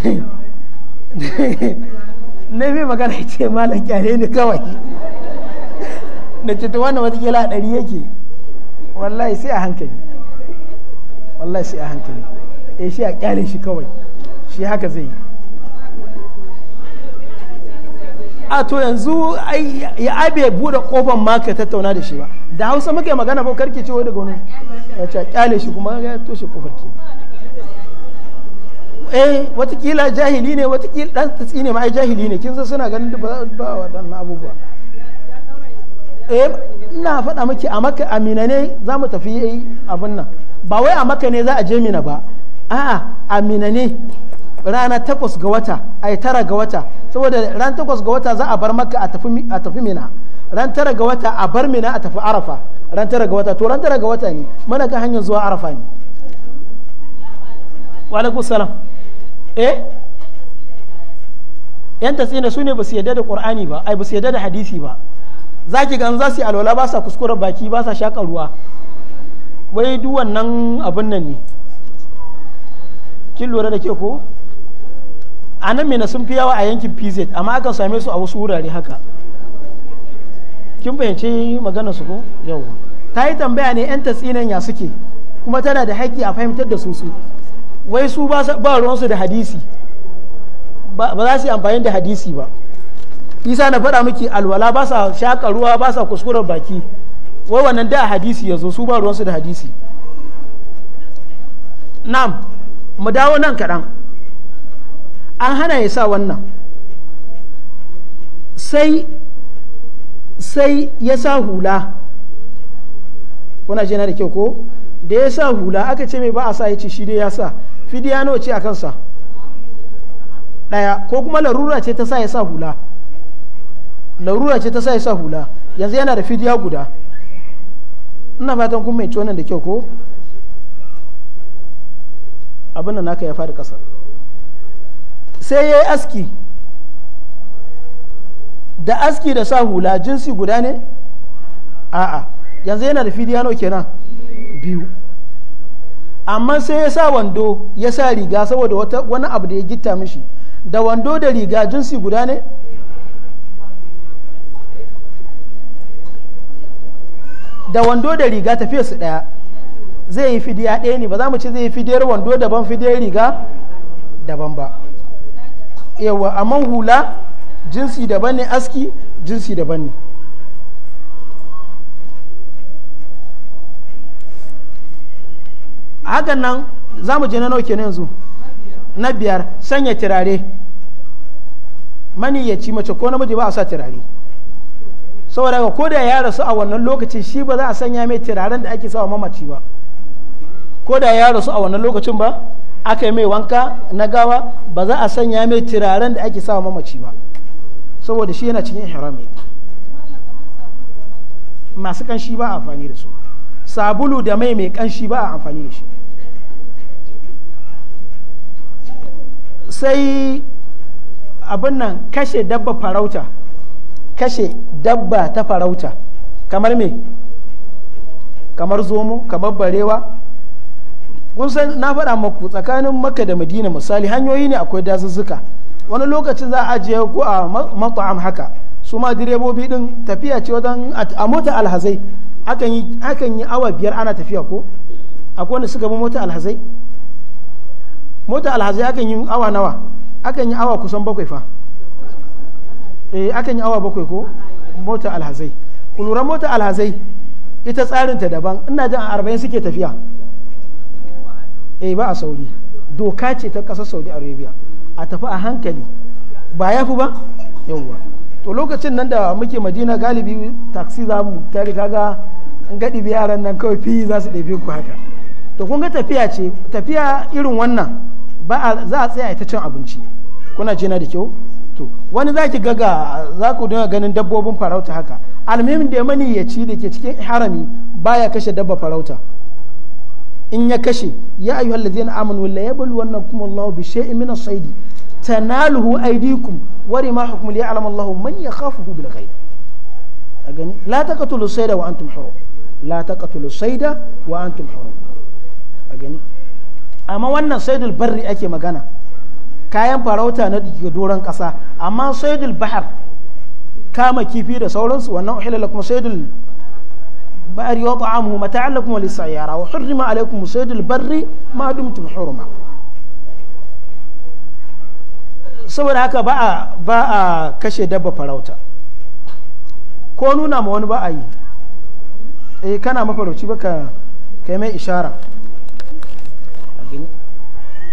na mai magana ya ce malam kyale ne kawai na ce ta wannan kila ɗari yake wallahi sai a hankali wallahi sai a hankali eh shi a kyale shi kawai shi haka zai yi a to yanzu ya abe bude kofan ma ka tattauna da shi ba da hausa muke magana ba karki ciwo daga wani ya ce kyale shi kuma ya toshe kofar ke eh watakila jahili ne watakila dan tatsi ne ma ai jahili ne kin san suna ganin ba ba wadannan abubuwa eh ina faɗa miki a maka amina ne za mu tafi eh, abin nan ba wai a maka ne za a je mina ba a'a amina ne rana takwas ga wata a tara ga wata saboda ran takwas ga wata za a bar maka a tafi mina ran tara ga wata a bar mina a tafi arafa ran tara ga wata to ran tara ga wata ne mana ga hanyar zuwa arafa ne wa salam eh yan tasina su ne ba su yadda da qur'ani ba ai ba su yadda da hadisi ba za ki gan za su yi alwala ba sa kuskura baki ba sa shaƙa ruwa wai duwannan wannan abin nan ne kin lura da ke ko a nan mena sun fi yawa a yankin pz amma akan same su a wasu wurare haka kin fahimci magana su ko yawa ta yi tambaya ne yan tatsinan ya suke kuma tana da haƙƙi a fahimtar da su su wai su ba ruwansu da hadisi ba za su yi amfani da hadisi ba isa na faɗa miki alwala ba sa shaƙa ruwa ba sa kuskuren baki wai wannan da hadisi ya zo su ba ruwansu da hadisi nam mu dawo nan kaɗan an hana ya sa wannan sai sai ya sa hula kuna jina da kyau ko da ya sa hula aka ce mai ba a sa ya ce shi dai ya sa fidiya nawa ce a kansa ɗaya ko kuma larura ce ta sa ya sa hula larura ce ta sa ya sa hula yanzu yana da fidiya guda ina fatan kun mai wannan da kyau ko abin naka ya faɗi kasa sai ya yi aski da aski da sa hula jinsi guda ne a'a yanzu yana da fidiya nau kenan biyu amma sai ya sa wando ya sa riga saboda wani abu da ya gita mishi da wando da riga jinsi guda ne da wando da riga tafiya su daya zai yi fidiya ɗaya ne ba za mu ce zai yi fidiyar wando daban fidiyar riga daban ba yawa man hula jinsi daban ne aski jinsi daban ne hakan nan za mu je na nauke yanzu na biyar sanya turare ci mace ko namiji ba a sa turare saboda ga koda ya rasu a wannan lokacin shi ba za a sanya mai turaren da ake sawa mamaci ba koda ya rasu a wannan lokacin ba aka yi mai wanka na gawa ba za a sanya mai turaren da ake sawa mamaci ba saboda shi yana cikin ihrami masu kanshi ba a amfani da su sabulu da mai mai kanshi ba a amfani da shi sai abin nan kashe dabba farauta kashe dabba ta farauta kamar me kamar zomo kamar barewa kun san na faɗa maku tsakanin makka da madina misali hanyoyi ne akwai dazuzzuka wani lokacin za a ajiye ko a mat'am haka su ma direbobi din tafiya ce wajen a mota alhazai akan yi awa biyar ana tafiya ko akwai wanda suka bi mota alhazai mota alhazai akan yi awa nawa akan yi awa kusan bakwai fa eh akan yi awa bakwai ko mota alhazai kuluran mota alhazai ita tsarinta daban ina jin a arba'in suke tafiya eh ba a sauri doka ce ta ƙasar saudi arabia a tafi a hankali ba ya fi ba yawwa to lokacin nan da muke madina galibi taxi za mu tare kaga in gaɗi yaran nan kawai fi za su ɗabi ku haka to kun ga tafiya ce tafiya irin wannan ba za a tsaya ita cin abinci kuna ce na da kyau to wani za ki gaga za ku dinga ganin dabbobin farauta haka almimin da mani ya ci da ke cikin harami baya kashe dabba farauta in ya kashe ya ayyuhal ya bali wannan kuma Allahu bi shay'in min as-sayd tanaluhu aydikum wa rimahukum li ya'lam Allahu man yakhafuhu bil ghaib a gani la taqtulu sayda wa antum hurum la taqtulu sayda wa antum hurum a gani amma wannan saydul barri ake magana kayan farauta na dake doron kasa amma saydul bahar kama kifi da sauransu wannan uhilla lakum saydul ba'ri wa ta'amuhu mata'an lakum wa lisayyara wa hurrima alaykum saydul barri ma dumtum hurma saboda haka ba a ba kashe dabba farauta ko nuna ma wani ba a yi eh kana mafarauci ba ka kai mai ishara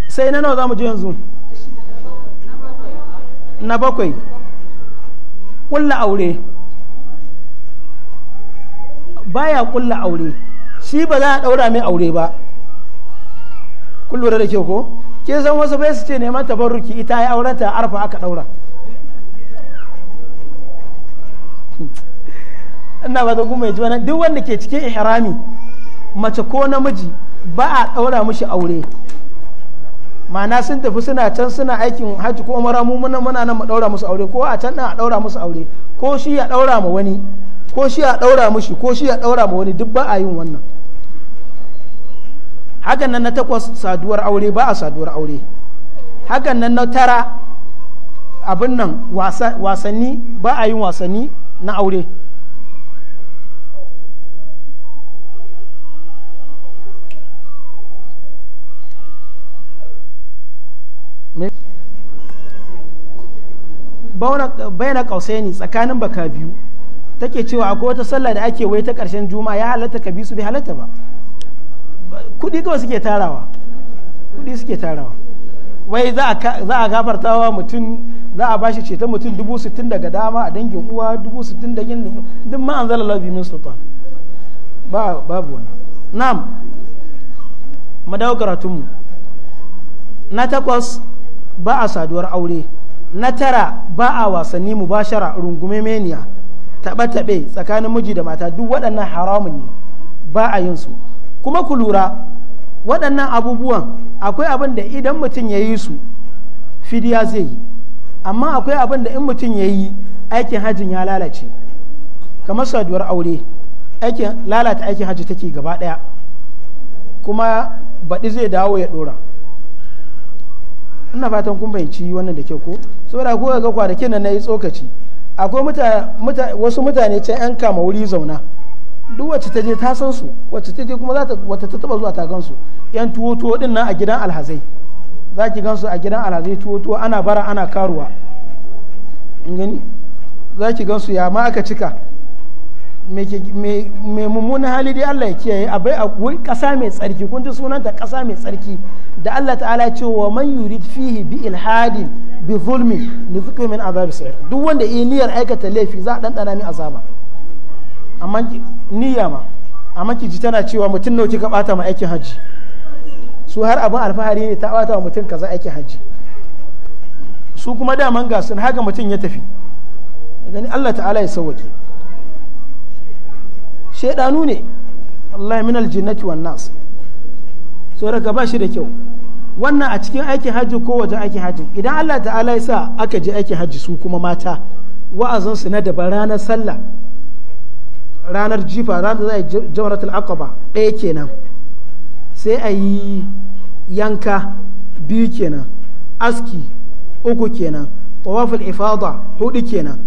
sai na nawa za mu je yanzu na bakwai ƙulla aure baya kulla aure shi ba za a daura mai aure ba kun da ke ko ke san wasu bai su ce neman tabarruki ita ya aurata arfa aka daura ina ba ta kuma ji duk wanda ke cikin ihrami mace ko namiji ba a daura mishi aure ma'ana sun tafi suna can suna aikin hajji ko mara mu muna muna nan mu daura musu aure ko a can a daura musu aure ko shi ya daura ma wani ko shi a ɗaura mushi ko shi a ɗaura ma wani duk ba a yin wannan hakan nan na takwas saduwar aure ba a saduwar aure hakan nan na tara abin nan wasanni ba a yin wasanni na aure na kausai ne tsakanin baka biyu take cewa akwai wata sallah da ake wai ta karshen juma ya halatta ka bi su bai halatta ba kuɗi kawai suke tarawa kuɗi suke tarawa wai za a wa mutum za a bashi ceton mutum dubu sittin daga dama a dangin uwa dubu sittin da yin duk ma an zala labi min sultan babu wani nam mu dawo karatunmu na takwas ba a saduwar aure na tara ba a wasanni mu bashara rungume meniya taɓe-taɓe tsakanin miji da mata duk waɗannan haramun ne ba a yin su kuma ku lura waɗannan abubuwan akwai abin da idan mutum ya yi su fidiya zai yi amma akwai abin da in mutum ya yi aikin hajjin ya lalace kamar saduwar aure aikin lalata aikin hajji take gaba ɗaya kuma baɗi zai dawo ya ɗora ina fatan kun bayanci wannan da ke ko saboda ko ga da kenan na yi tsokaci akwai wasu mutane can yan kama wuri zauna duk wacce ta je ta san su wacce ta je kuma za ta wata ta taba zuwa ta gan su yan tuwo tuwo din nan a gidan alhazai za ki gan su a gidan alhazai tuwo tuwo ana bara ana karuwa in gani za ki gan su ya ma aka cika mai mummunan hali dai Allah ya kiyaye a bai a kasa mai tsarki kun ji sunanta kasa mai tsarki da Allah ta'ala ce wa man yurid fihi bi ilhadi bi zulmi nuzuqu min azab sa'ir duk wanda yi niyyar aikata laifi za a dandana min azaba amma niyya ma amma ki ji tana cewa mutum nawa kika bata ma aikin hajji su har abin alfahari ne ta bata wa mutum kaza aikin hajji su kuma daman ga sun haka mutum ya tafi gani Allah ta'ala ya sauwake shaidanu ne Allah min aljinnati wan nas so daga ba shi da kyau wannan a cikin aikin hajji ko wajen aikin hajji idan Allah ta'ala ya sa aka je aikin hajji su kuma mata wa'azin su na daban ranar sallah ranar jifa ranar zai jamratul aqaba ɗaya kenan sai a yi yanka biyu kenan aski uku kenan tawaful ifada hudu kenan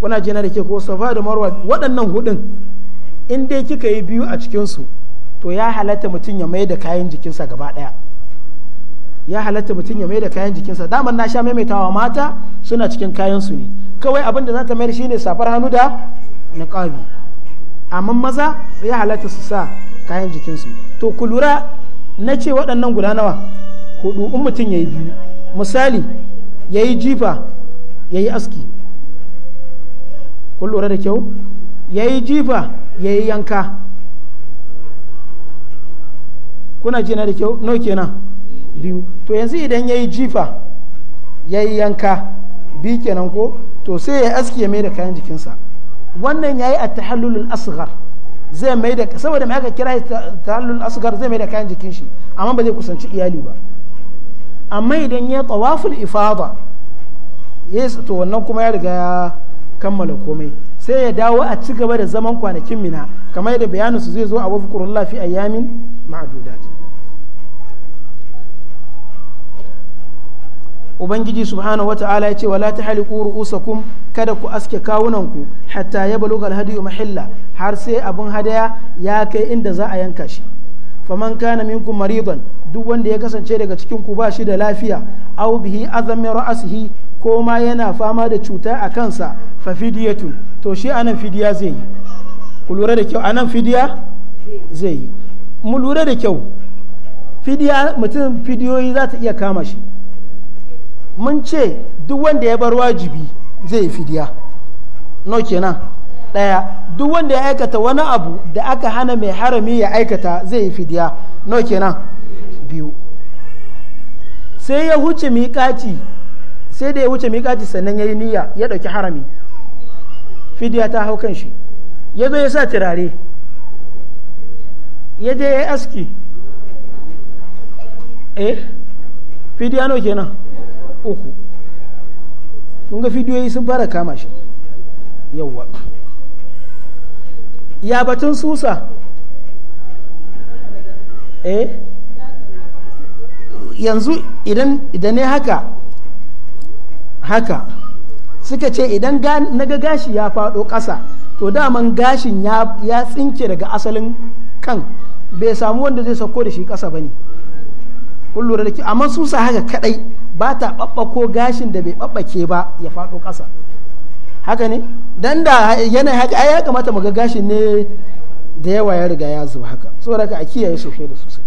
kuna jina da ke ko safa da marwa waɗannan hudun in dai kika yi biyu a cikinsu to ya halatta mutum ya mai da kayan jikinsa gaba ɗaya ya halatta mutum ya mai da kayan jikinsa daman na sha maimaitawa mata suna cikin kayansu ne kawai abin da za ta mayar shine safar hannu da niqabi amma maza ya halatta su sa kayan jikinsu to ku lura na ce waɗannan guda nawa hudu in mutum ya yi biyu misali ya yi jifa ya yi aski kun lura da kyau ya yi jifa ya yi yanka kuna jina da kyau no kenan biyu to yanzu idan ya yi jifa ya yi yanka bi kenan ko to sai ya aski ya mai da kayan jikinsa wannan ya yi a tahallulul asigar zai mai da saboda mai aka kira tahallulul asigar zai mai da kayan jikin shi amma ba zai kusanci iyali ba amma idan ya tawaful ifada yes to wannan kuma ya riga ya kammala komai sai ya dawo a ci gaba da zaman kwanakin mina kamar yadda bayanin su zai zo a wafkurun lafi yamin ma'adudat ubangiji subhanahu wata'ala ya ce wala tahliqu ru'usakum kada ku aske kawunanku hatta ya baluga alhadiyu mahilla har sai abun hadaya ya kai inda za a yanka shi faman kana minkum maridan duk wanda ya kasance daga cikin ku ba shi da lafiya aw bihi azam ko ma yana fama da cuta a kansa fa fidiyatu to shi anan fidiya zai yi ku lura da kyau anan fidiya zai yi mu lura da kyau fidiya mutum fidiyoyi za ta iya kama shi mun ce duk wanda ya bar wajibi zai yi fidiya no kenan ɗaya duk wanda ya aikata wani abu da aka hana mai harami ya aikata zai yi fidiya no kenan biyu sai ya huce miƙaci sai da ya wuce miƙati sannan ya yi niyya ya ɗauki harami fidiya ta hau kan shi ya zo ya sa turare ya je ya yi aski eh fidiya nau kenan uku kun ga fidiyoyi sun fara kama shi yawwa ya batun susa eh yanzu idan ne haka haka suka ce idan na ga gashi ya faɗo ƙasa to daman gashin ya tsinke daga asalin kan bai samu wanda zai sauko da shi ƙasa ba ne kullum da ke amma su sa haka kaɗai ba ta ko gashin da bai ɓaɓɓake ba ya faɗo ƙasa haka ne dan da yana haka ai ya kamata mu ga gashin ne da yawa ya riga ya zuba haka saboda ka a kiyaye sosai da sosai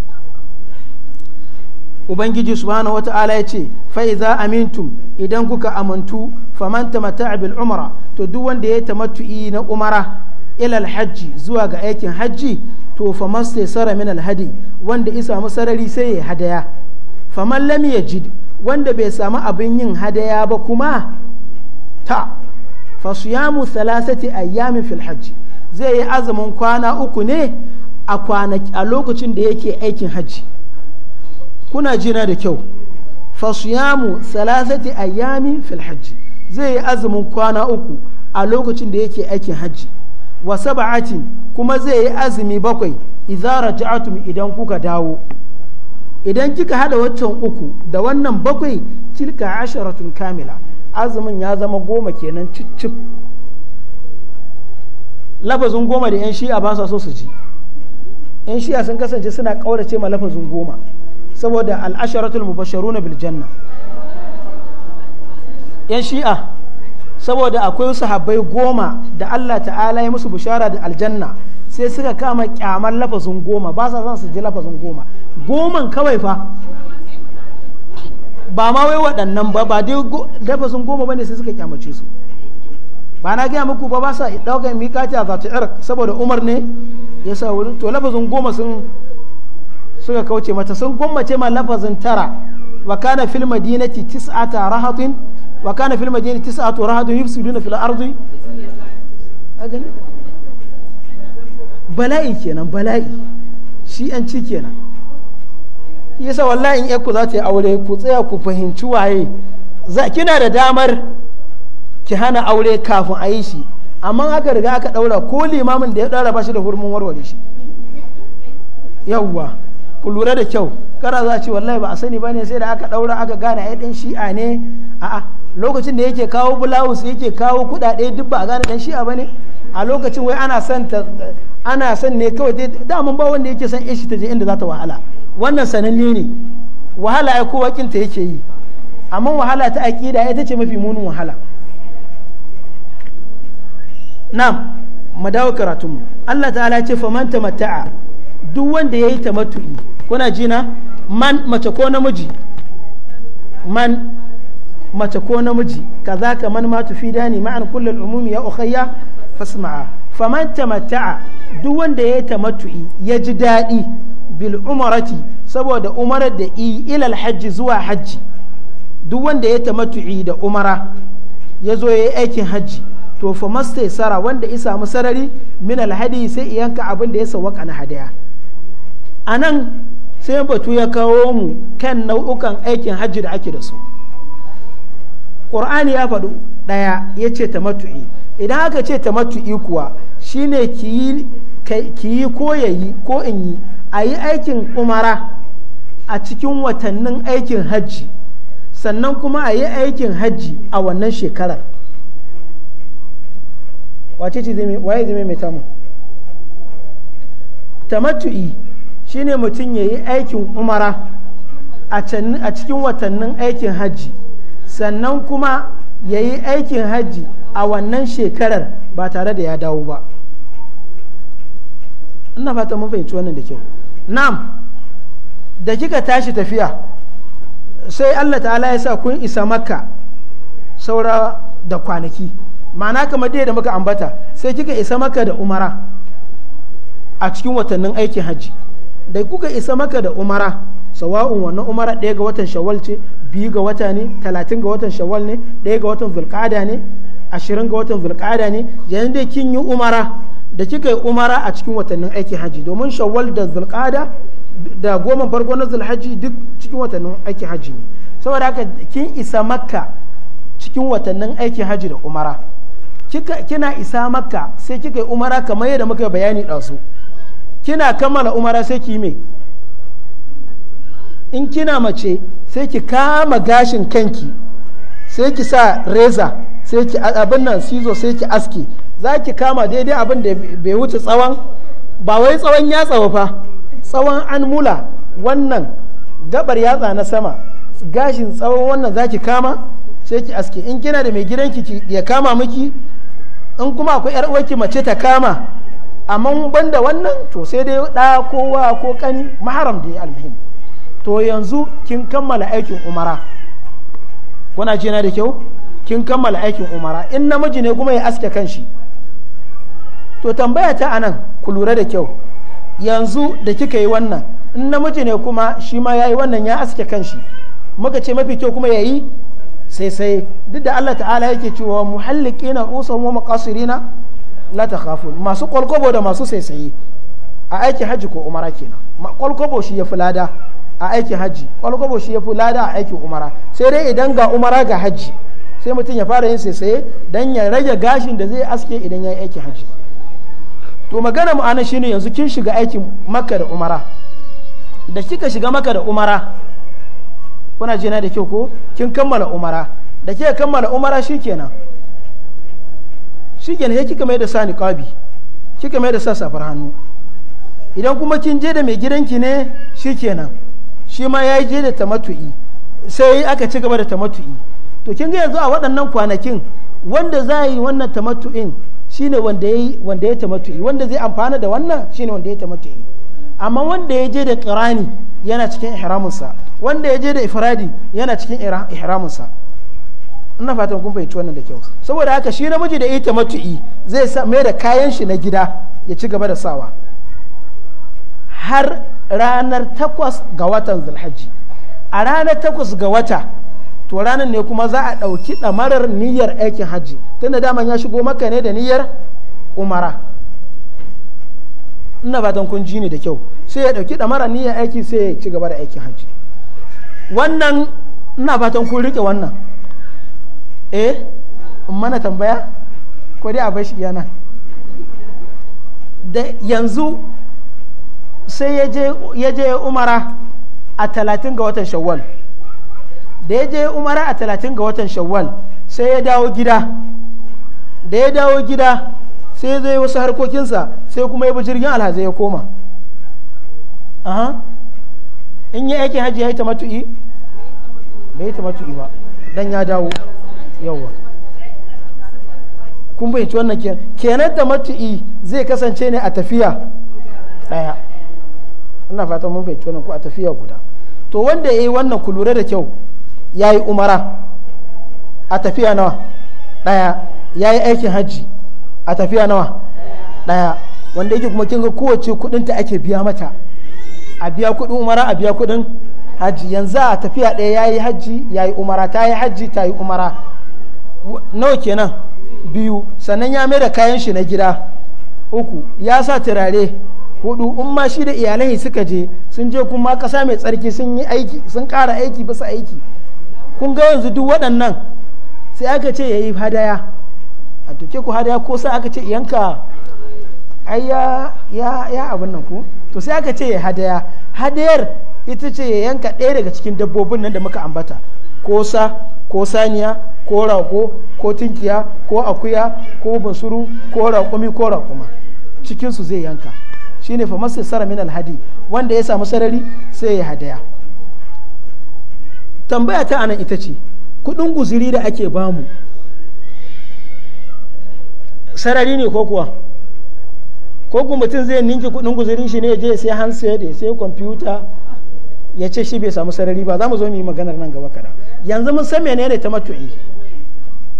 ubangiji subhanahu wata'ala ya ce fa'iza amintum idan kuka amintu faman mata bil umara to duk wanda ya ta matu'i na umara ilal hajji zuwa ga aikin hajji to faman sai sara min alhadi wanda isa samu sarari sai ya hadaya faman lam yajid wanda bai samu abin yin hadaya ba kuma ta fasiyamu thalathati ayyamin fil hajji zai yi azumin kwana uku ne a lokacin da yake aikin hajji kuna jina da kyau fasiyamu salasati ayyamin fil zai yi azumin kwana uku a lokacin da yake aikin hajji wa saba'atin kuma zai yi azumi bakwai idza ja'atum idan kuka dawo idan kika hada waccan uku da wannan bakwai tilka asharatun kamila azumin ya zama goma kenan cicip lafazin goma da yan shi'a ba sa so su ji yan shi'a sun kasance suna kaurace ma lafazin goma saboda al'asharatul mubasharuna bil janna yan shi'a saboda akwai sahabbai goma da Allah ta'ala ya musu bishara da aljanna sai suka kama kyamar lafazin goma ba sa zan su ji lafazin goma goman kawai fa ba ma wai waɗannan ba ba dai lafazin goma ba ne sai suka kyamace su ba na gaya muku ba ba sa ɗaukar miƙati a zata saboda umar ne ya sa wurin to lafazin goma sun suka kauce mata sun gwammace ma lafazin tara wa kana fil madinati tis'ata rahatin wa kana fil madinati tis'atu rahatin yufsiduna fil ardi bala'i kenan bala'i shi an ci kenan yasa wallahi in ku za ta yi aure ku tsaya ku fahimci waye za kina da damar ki hana aure kafin a yi shi amma aka riga aka daura ko limamin da ya daura ba shi da hurmin warware shi yawwa ku lura da kyau kara za ce wallahi ba a sani ba ne sai da aka daura aka gane ai dan shi'a ne a'a lokacin da yake kawo bulawus yake kawo kudade duk ba a gane dan shi'a bane a lokacin wai ana son ta ana son ne kawai dai daman ba wanda yake son ishi ta je inda za ta wahala wannan sananne ne wahala ai kowa ta yake yi amma wahala ta aqida ita ce mafi munin wahala na'am mu dawo karatunmu Allah ta'ala ce faman tamatta'a duk wanda ya yi matu’i, kuna jina man mace ko namiji man mace ko namiji kaza ka man ma tufi dani ma'an kullum umumi ya ukhayya fasma'a faman tamatta'a duk wanda ya yi matu’i ya ji daɗi bil umarati saboda umarar da i ilal hajji zuwa hajji duk wanda ya matu’i da umara ya zo ya yi aikin hajji to fa sara wanda ya samu sarari min alhadi sai iyanka abin da ya sawaka na hadaya a nan sai batu ya kawo mu kan nau'ukan aikin hajji da ake da su ƙur'ani ya faɗu ɗaya ya ce ta matu'i idan aka ce ta matu'i kuwa shine ki yi ko ya yi ko in yi a yi aikin umara a cikin watannin aikin hajji sannan kuma a yi aikin hajji a wannan shekarar wace ce zai mai tamu matu'i shine mutum ya yi aikin umara a cikin watannin aikin hajji sannan kuma ya yi aikin hajji a wannan shekarar ba tare da ya dawo ba ina fata mun fahimci wannan da kyau nam da kika tashi tafiya sai allah ta'ala ya sa kun isa makka saura da kwanaki ma'ana kamar dai da muka ambata sai kika isa makka da umara a cikin watannin aikin hajji da kuka isa maka da umara sawa'un wannan umara ɗaya ga watan shawal ce biyu ga wata ne talatin ga watan shawal ne ɗaya ga watan zulƙada ne ashirin ga watan zulƙada ne yayin da kin yi umara da kika yi umara a cikin watannin aikin haji domin shawal da zulƙada da goma farko na zulhaji duk cikin watannin aikin haji ne saboda haka kin isa makka cikin watannin aikin haji da umara kina isa makka sai kika yi umara kamar yadda muka bayani ɗazu kina kammala umara sai ki me in kina mace sai ki kama gashin kanki sai ki sa reza sai ki abin nan sizo sai ki aski za ki kama daidai abin da bai wuce tsawon ba wai tsawon ya tsawo fa tsawon an mula wannan gabar yatsa na sama gashin tsawon wannan za ki kama sai ki aski in kina da mai gidanki ya kama miki in kuma akwai 'yar uwarki mace ta kama amma ban da wannan to sai dai ɗa kowa ko ƙani maharam da ya to yanzu kin kammala aikin umara kuna ce na da kyau kin kammala aikin umara in namiji ne kuma ya aske kanshi to tambaya ta anan ku lura da kyau yanzu da kika yi wannan in namiji ne kuma shi ma ya yi wannan ya aske kanshi muka ce mafi kyau kuma ya yi sai sai duk da Allah ta'ala yake cewa muhallikina rusuhum wa maqasirina la takhafun masu kwalkwabo da masu saisaye a aikin haji ko umara kenan kwalkwabo shi ya fi lada a aikin haji kwalkwabo shi ya fi lada a aikin umara sai dai idan ga umara ga haji sai mutum ya fara yin saisaye dan ya rage gashin da zai aske idan ya yi aikin haji to magana mu anan shine yanzu kin shiga aikin makka da umara da kika shiga makka da umara kuna jina da kyau ko kin kammala umara da kika kammala umara shikenan shi kenan sai kika mai da sa niƙabi kika mai da sa safar hannu idan kuma kin je da mai gidanki ne shi kenan shi ma ya je da tamatu'i sai aka ci gaba da tamatu'i to kin ga yanzu a waɗannan kwanakin wanda za yi wannan tamatu'in shine wanda ya wanda ya tamatu'i wanda zai amfana da wannan shine wanda ya tamatu'i amma wanda ya je da ƙirani yana cikin ihraminsa wanda ya je da ifradi yana cikin ihraminsa ina fatan kun fahimci wannan da kyau saboda haka shi namiji da ita matu'i zai sa mai da kayan shi na gida ya ci gaba da sawa har ranar takwas ga watan zulhaji a ranar takwas ga wata to ranar ne kuma za a ɗauki ɗamarar niyyar aikin hajji tunda daman ya shigo maka ne da niyyar umara ina fatan kun ji ne da kyau sai ya ɗauki ɗamarar niyyar aiki sai ya ci gaba da aikin hajji wannan ina fatan kun riƙe wannan eh in mana tambaya ko dai a bar shi yana da yanzu sai ya je umara a talatin ga watan shawwal da ya je umara a talatin ga watan shawwal sai ya dawo gida da ya dawo gida sai zai wasu harkokinsa sai kuma ya bi jirgin alhazai ya koma aha in yi aikin hajji ya yi ta matu'i bai yi ta matu'i ba dan ya dawo yawa kun bayyanci wannan kenan kenan da matu'i zai kasance ne a tafiya daya ina fata mun bayyanci wannan ko a tafiya guda to wanda ya yi wannan ku lura da kyau ya yi umara a tafiya nawa daya ya yi aikin hajji a tafiya nawa daya wanda yake kuma kinga kowace kudin ta ake biya mata a biya kudin umara a biya kudin hajji yanzu a tafiya daya ya yi hajji ya yi umara ta yi hajji ta yi umara nawa kenan biyu sannan ya mai da kayan shi na gida uku ya sa turare hudu in ma shi da iyalai suka je sun je kuma kasa mai tsarki sun yi aiki sun kara aiki bisa aiki kun ga yanzu duk waɗannan sai aka ce ya yi hadaya a tuke ku hadaya ko sai aka ce yanka ai ya abin nan ku to sai aka ce ya hadaya hadayar ita ce ya yanka ɗaya daga cikin dabbobin nan da muka ambata ko sa ko saniya ko rago ko tinkiya ko akuya ko basuru ko raƙumi ko raƙuma cikinsu zai yanka ne fa sai sara min alhadi wanda ya samu sarari sai ya hadaya tambaya ta anan ita ce kudin guziri da ake bamu sarari ne ko kuwa ko kuma mutum zai ninki kudin guzirin shi ne ya je sai hansu ya sai kwamfuta ya ce shi bai samu sarari ba za mu zo mu yi maganar nan gaba kada yanzu mun san menene ta matu'i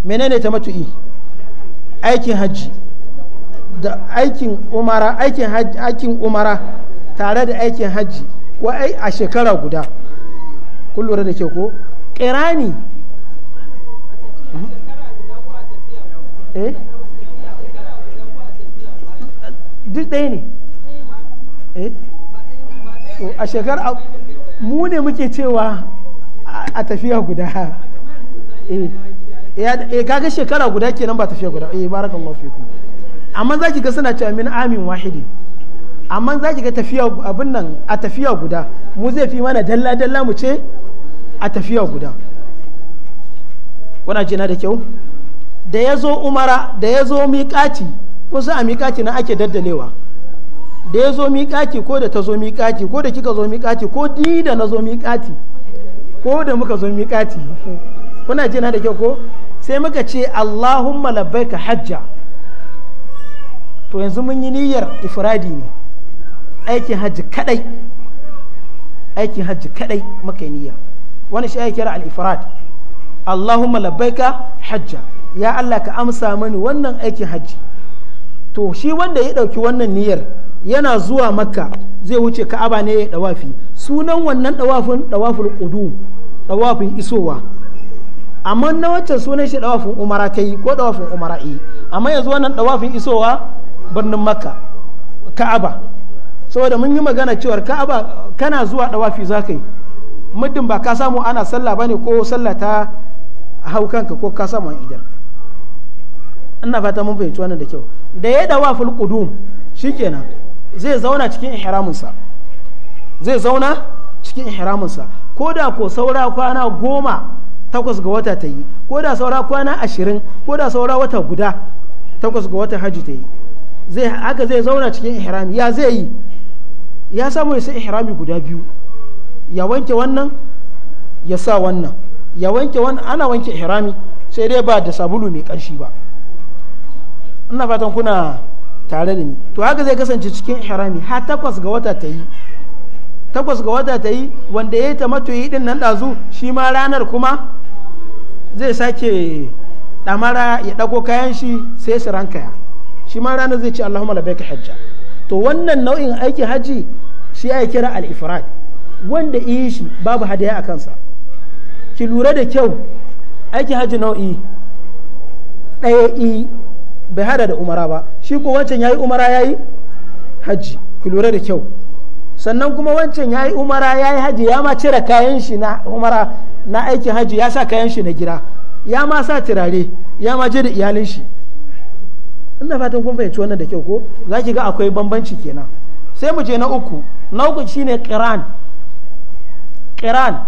menene ta matu'i aikin hajji da aikin umara aikin hajji aikin umara tare da aikin hajji ko ai a shekara guda kun lura da ke ko kirani hmm? eh duk ɗaya ne eh a shekara mu ne muke cewa a tafiya guda eh, eh kaga shekara guda kenan ba tafiya guda eh barakallahu fikum amma zaki ga suna cewa min amin wahidi amma zaki ga tafiya abin nan a tafiya guda mu zai fi mana dalla dalla mu ce a tafiya guda kuna jina da kyau da ya zo umara da ya zo miƙaci kusa a miƙaci na ake daddalewa da ya zo miƙati ko da ta zo miƙati ko da kika zo miƙati ko di da na zo miƙati ko da muka zo miƙati kuna jina da kyau ko sai muka ce allahumma labbaika hajja to yanzu mun yi niyyar ifradi ne aikin hajji kadai aikin hajji kadai muka yi niyya wani shi ake kira al-ifrad allahumma labbaika hajja ya allah ka amsa mani wannan aikin hajji to shi wanda ya ɗauki wannan niyyar yana zuwa makka zai wuce ka'aba ne ya dawafi sunan wannan dawafin dawaful qudum dawafin isowa amma na wacce sunan shi dawafin umara ta yi ko dawafin umara yi amma yanzu wannan dawafin isowa birnin makka ka'aba saboda mun yi magana cewar ka'aba kana zuwa dawafi za ka yi muddin ba ka samu ana sallah bane ko sallah ta hau kanka ko ka samu idar ina fata mun fahimci wannan da kyau da ya dawaful qudum shikenan zai zauna cikin ihraminsa zai zauna cikin ihraminsa ko da ko saura kwana goma takwas ga wata ta yi ko da saura kwana ashirin ko da saura wata guda takwas ga wata hajji ta yi zai haka zai zauna cikin ihrami ya zai yi ya samu ya sai ihrami guda biyu ya wanke wannan ya sa wannan ya wanke wannan ana wanke ihrami sai dai ba da sabulu mai ƙarshi ba ina fatan kuna tare da ni to haka zai kasance cikin ihrami ha takwas ga wata ta yi takwas ga wata ta yi wanda ya yi ta matoyi din nan ɗazu shi ma ranar kuma zai sake ɗamara ya ɗago kayan shi sai su rankaya shi ma ranar zai ce allahumma ka hajja to wannan nau'in aiki haji shi ya kira al-ifrad wanda iya shi babu hadaya a kansa ki lura da kyau aiki haji nau'i ɗaya bai hada da umara ba shi ko wancan yayi umara yayi haji ku lura da kyau sannan kuma wancan yayi umara yayi haji ya ma cire kayan shi na umara na aikin haji ya sa kayan shi na gida ya ma sa turare ya ma je da iyalin shi ina fatan kun fahimci wannan da kyau ko zaki ga akwai bambanci kenan sai mu je na uku na uku shine qiran qiran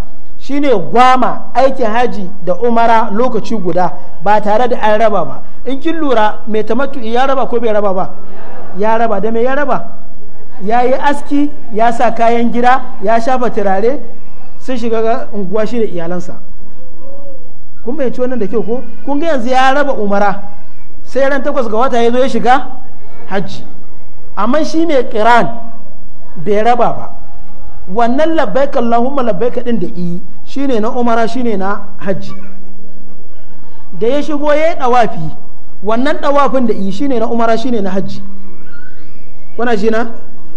shine gwama aikin haji da umara lokaci guda ba tare da an raba ba in kin lura mai tamattu ya raba ko bai raba ba ya raba da mai ya raba ya yi aski ya sa kayan gida ya shafa turare sun shiga unguwa shi da iyalansa kun bai wannan da kyau ko kun ga yanzu ya raba umara sai ran takwas ga wata ya zo ya shiga hajji amma shi mai kiran bai raba ba wannan labbaika Allahumma labbaika din da i shine na umara shine na hajji da ya shigo ya yi dawafi wannan dawafin da i shine na umara shine na hajji kuna shi na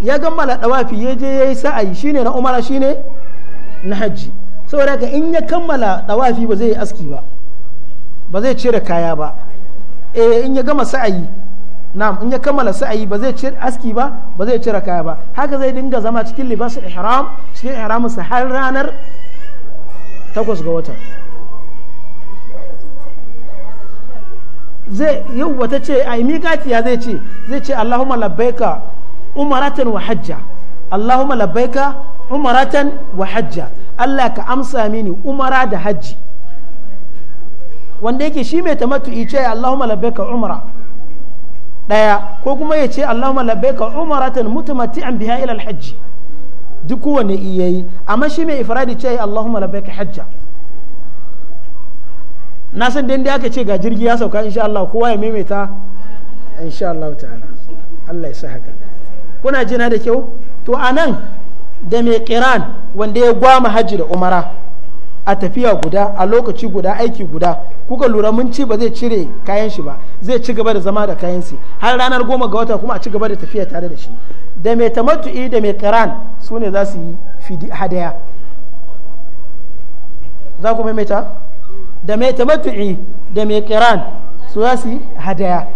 ya gammala dawafi ya je ya yi sa'ayi shine na umara shine na hajji saboda haka in ya kammala dawafi ba zai yi aski ba ba zai cire kaya ba eh in ya gama sa'ayi na'am in ya kammala sa'ayi ba zai cire aski ba ba zai cire kaya ba haka zai dinga zama cikin libasul ihram cikin ihramin sa har ranar takwas ga wata zai yau wata ce a yi miƙatiya zai ce zai ce allahumma labbaika umaratan wa hajja allahumma labbaika umaratan wa hajja allah ka amsa mini umara da hajji wanda yake shi mai tamattu'i ce allahumma labbaika umara ɗaya ko kuma ya ce allahumma ka umaratan an biya ila hajji duk wani iya yi amma shi mai ifradi ce allahumma ka hajja na san da da aka ce ga jirgi ya sauka insha Allah kowa ya maimaita insha Allah ta'ala Allah ya sa haka kuna jina da kyau to anan da mai kiran wanda ya gwama hajji da umara a tafiya guda a lokaci guda aiki guda kuka lura mun ci ba zai cire kayan shi ba zai ci gaba da zama da kayan shi har ranar goma ga wata kuma a ci gaba da tafiya tare da shi da mai tamattu'i da mai karan su ne za su yi hadaya za ku maimaita da mai tamattu'i da mai karan su za su yi hadaya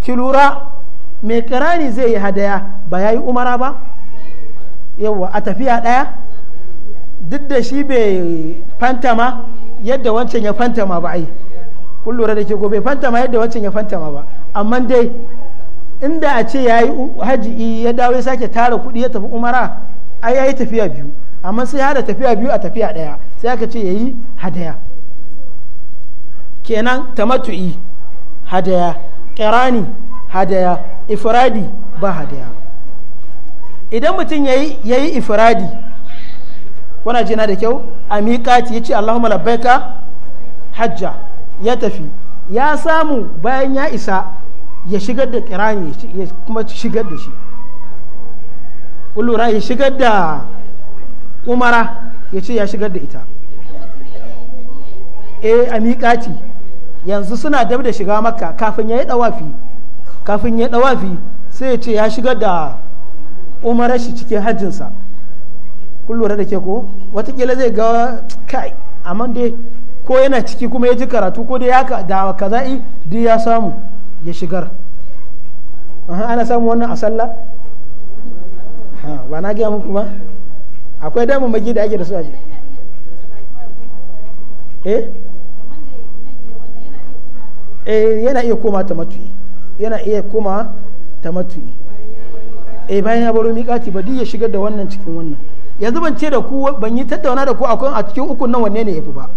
ki lura mai karani zai yi hadaya ba ya yi umara ba yawwa a tafiya ɗaya duk da shi bai fantama yadda wancan ya fantama ba ai kun lura da ke ko bai fantama yadda wancan ya fantama ba amma dai inda a ce ya yi haji ya dawo ya sake tara kuɗi ya tafi umara ai ya yi tafiya biyu amma sai da tafiya biyu a tafiya ɗaya sai aka ce ya yi hadaya kenan tamatu'i hadaya ƙirani hadaya ifradi ba hadaya idan mutum ya yi ifradi kuna ji na da kyau a miƙati ya ce allahumma labbaika hajja ya tafi ya samu bayan ya isa ya shigar da kirani ya kuma shigar da shi lura ya shigar da umara ya ce ya shigar da ita e a miƙati yanzu suna dab da shiga makka kafin ya yi ɗawafi kafin ya yi ɗawafi sai ya ce ya shigar da umarashi shi cikin hajjinsa kun lura da ke ko watakila zai ga kai amma dai ko yana ciki kuma ya ji karatu ko dai ya da kaza'i duk ya samu ya shigar ana samu wannan a sallah ba na gaya muku ba akwai damar magi da ake da su aje eh eh yana iya koma ta matu'i yana iya koma ta matu'i eh bayan ya baro miƙati ba duk ya shigar da wannan cikin wannan yanzu ban ce da ku ban yi tattauna da ku a cikin ukun nan wanne ne fi ba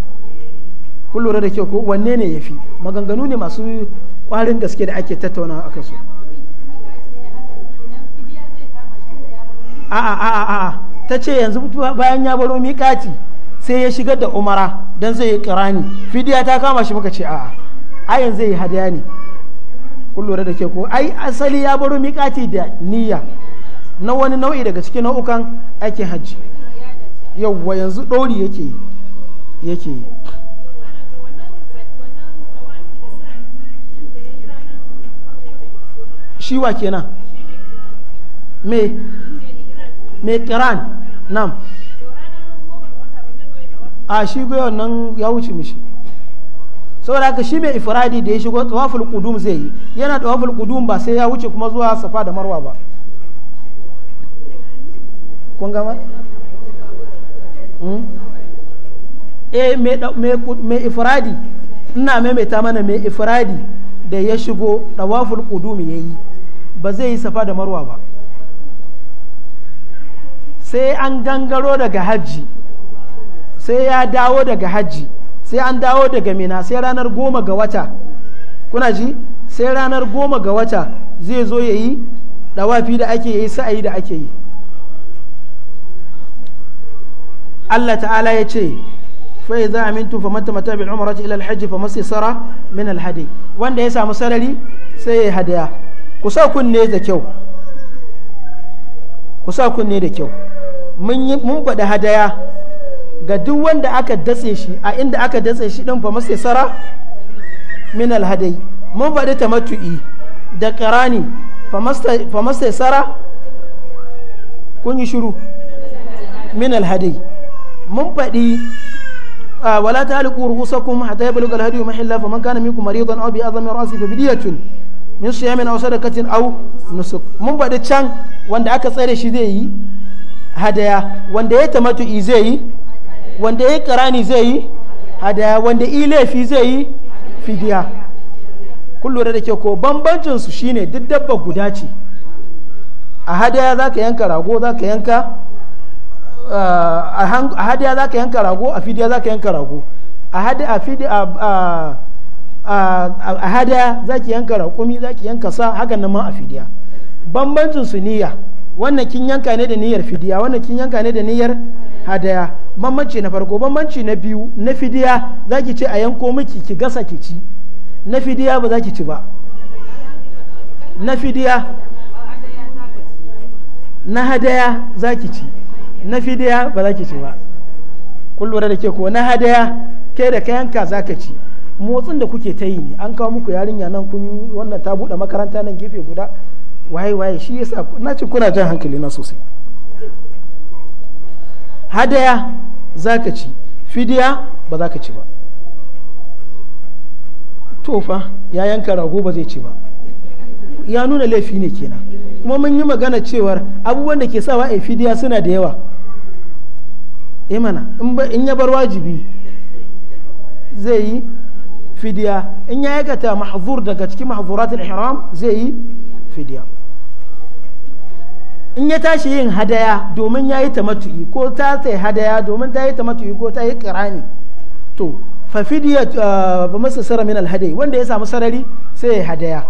kun lura da ke ko wanne ne ya fi maganganu ne masu kwarin gaske da ake tattauna akan su a a a a ta ce yanzu bayan ya baro miƙati sai ya shigar da umara don zai yi kirani fidiya ta kama shi muka ce a a zai yi hadiya ne kun lura da ke ko ai asali ya baro miƙati da niyya na wani nau'i daga cikin nau'ukan aikin hajji yauwa yanzu ɗori yake yake shi wa kenan me me kiran nam a shi goyon nan ya wuce mishi saboda haka shi mai ifiradi da ya shigo tsawafin kudum zai yi yana tsawafin kudum ba sai ya wuce kuma zuwa safa da marwa ba kun gama hmm? eh mai ifradi ina maimaita mana mai ifradi da ya shigo dawaful kudumi ya yi ba zai yi safa da marwa ba sai an gangaro daga hajji sai ya dawo daga hajji sai an dawo daga mina sai ranar goma ga wata kuna ji sai ranar goma ga wata zai zo ya yi dawafi da ake yi sa'ayi da ake yi Allah ta'ala ya ce za a fa mata mata bin tamatta ilal hajji fa masu hajj min al wanda ya samu sarari sai ya hadaya ku sa kunne da kyau ku sa kunne da kyau mun mun faɗi hadaya ga duk wanda aka datse shi a inda aka datse shi din sara min al mun faɗi tamattu'i da qarani sara kun yi shiru min al mun faɗi wala ta'liqu ru'usakum hatta ya al-hadyu mahilla faman kana minkum maridan aw bi azami ra'si fa bidiyatun min siyamin aw sadaqatin aw nusuk mun faɗi can wanda aka tsare shi zai yi hadaya wanda ya tamatu'i zai yi wanda ya karani zai yi hadaya wanda ilefi zai yi fidiya kun lura da ke ko bambancin su shine duk dabba guda ce a hadaya zaka yanka rago zaka yanka a hadiya za ka yanka rago a fidiya za ka yanka rago a hadiya za ki yanka raƙumi za ki yanka sa hakan nan ma a fidiya bambancin su niyya wannan kin yanka ne da niyyar fidiya wannan kin yanka ne da niyyar hadaya bambanci na farko bambanci na biyu na fidiya za ki ce a yanko miki ki gasa ki ci na fidiya ba za ki ci ba na fidiya na hadaya za ki ci na fidiya ba za ki ci ba kun da ke ko na hadaya ke da ka yanka za ka ci motsin da kuke ta yi ne an kawo muku yarinya nan kun wannan ta buɗe makaranta nan gefe guda waye waye shi yasa na ci kuna jan hankali na sosai hadaya za ka ci fidiya ba za ka ci ba tofa ya yanka rago ba zai ci ba ya nuna laifi ne kenan kuma mun yi magana cewar abubuwan da ke sawa a fidiya suna da yawa imana eh in ya bar wajibi zai yi fidiya in ya aikata mahzur daga cikin mahzuratul ihram zai yi fidiya in ya tashi yin hadaya domin ya yi tamatu'i ko ta ta hadaya domin ta yi tamatu'i ko ta yi kirani to fa fidiya ba ah, masa sara min alhadai wanda ya samu sarari sai ya hadaya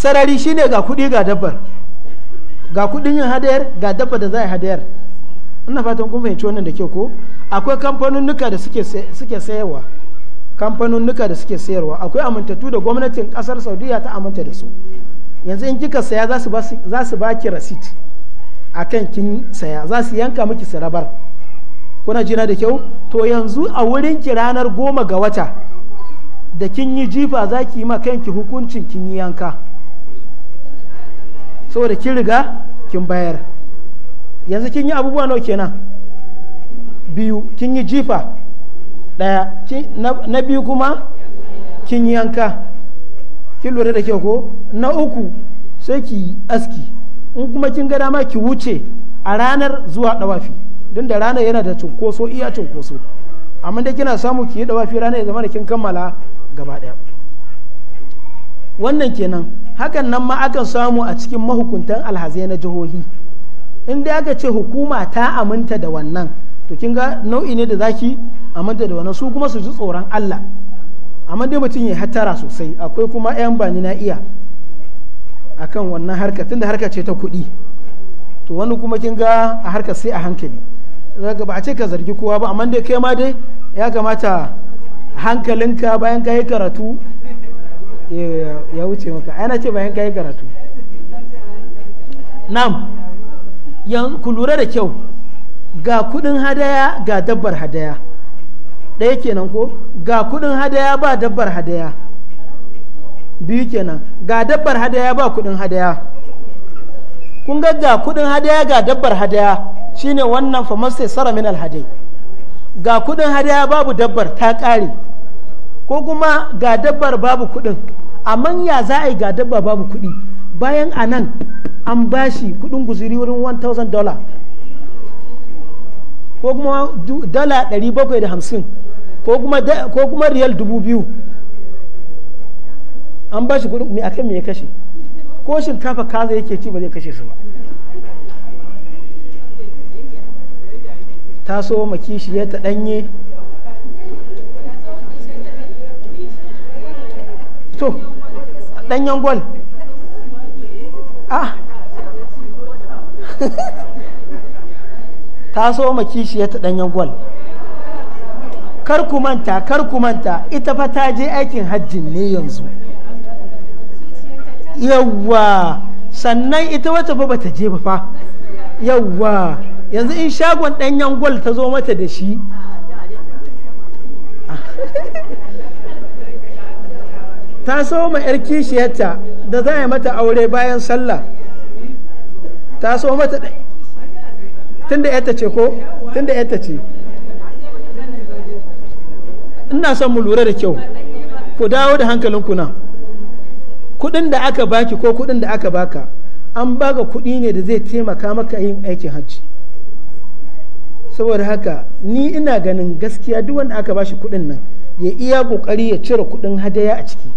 sarari shine ga kuɗi ga dabbar ga kuɗin yin hadayar ga dabbar da za a hadayar ina fatan kun fahimci wannan da kyau ko akwai nuka da suke sayarwa nuka da suke sayarwa akwai amintattu da gwamnatin kasar saudiya ta aminta da su yanzu in kika saya za su baki rasit a kan kin saya za su yanka miki sarabar kuna jina da kyau to yanzu a wurin ki ranar goma ga wata da kin yi jifa za ki yi ma kanki hukuncin kin yi yanka saboda kin riga kin bayar yanzu kin yi abubuwa nawa kenan biyu kin yi jifa daya na biyu kuma kin yi yanka kin lura da kyau ko na uku sai ki aski in kuma kin ga dama ki wuce a ranar zuwa dawafi don da ranar yana da cunkoso iya cunkoso amma da kina samu ki yi dawafi ranar ya zama da kin kammala gaba daya wannan kenan hakan nan ma akan samu a cikin mahukuntan alhazai na jihohi in dai aka ce hukuma ta aminta da wannan to kin ga nau'i ne da zaki aminta da wannan su kuma su ji tsoron Allah amma dai mutum ya hattara sosai akwai kuma yan bani na iya akan wannan harka tunda harka ce ta kuɗi to wani kuma kin ga a harka sai a hankali zaka ba a ce ka zargi kowa ba amma dai kai ma dai ya kamata hankalinka bayan ka yi karatu ya wuce maka ana ce bayan kayi karatu nam yanzu ku lura da kyau ga kudin hadaya ga dabbar hadaya ɗaya kenan ko ga kudin hadaya ba dabbar hadaya biyu kenan ga dabbar hadaya ba kudin hadaya kun ga ga kudin hadaya ga dabbar hadaya shine wannan famasai sara min alhadai ga kudin hadaya babu dabbar ta ƙare ko kuma ga dabbar babu kuɗin amma ya za a yi ga dabba babu kuɗi bayan a nan an bashi kuɗin guziri wurin 1000 dollar ko kuma dala 750 ko kuma riyal 2000 an bashi kuɗin mai akan me ya kashe ko shinkafa kaza yake ci ba zai kashe su ba taso ya ta ɗanye to danyen gol ah ta so makishiyar ta danyen gol kar ku manta kar ku manta ita fa ta je aikin hajji ne yanzu yawwa sannan ita wata fa bata je ba fa yawwa yanzu in shagon ɗanyen gwal ta zo mata da shi ah. ta so ma 'yar kishiyarta da za a mata aure bayan sallah ta so mata tun da ce ko tun da ce ina son mu lura da kyau ku dawo da hankalin kuna kudin da aka baki ko kudin da aka baka an baka kudi ne da zai taimaka maka yin aikin hajji saboda haka ni ina ganin gaskiya duk wanda aka bashi kudin nan ya iya kokari ya cire kudin hadaya a ciki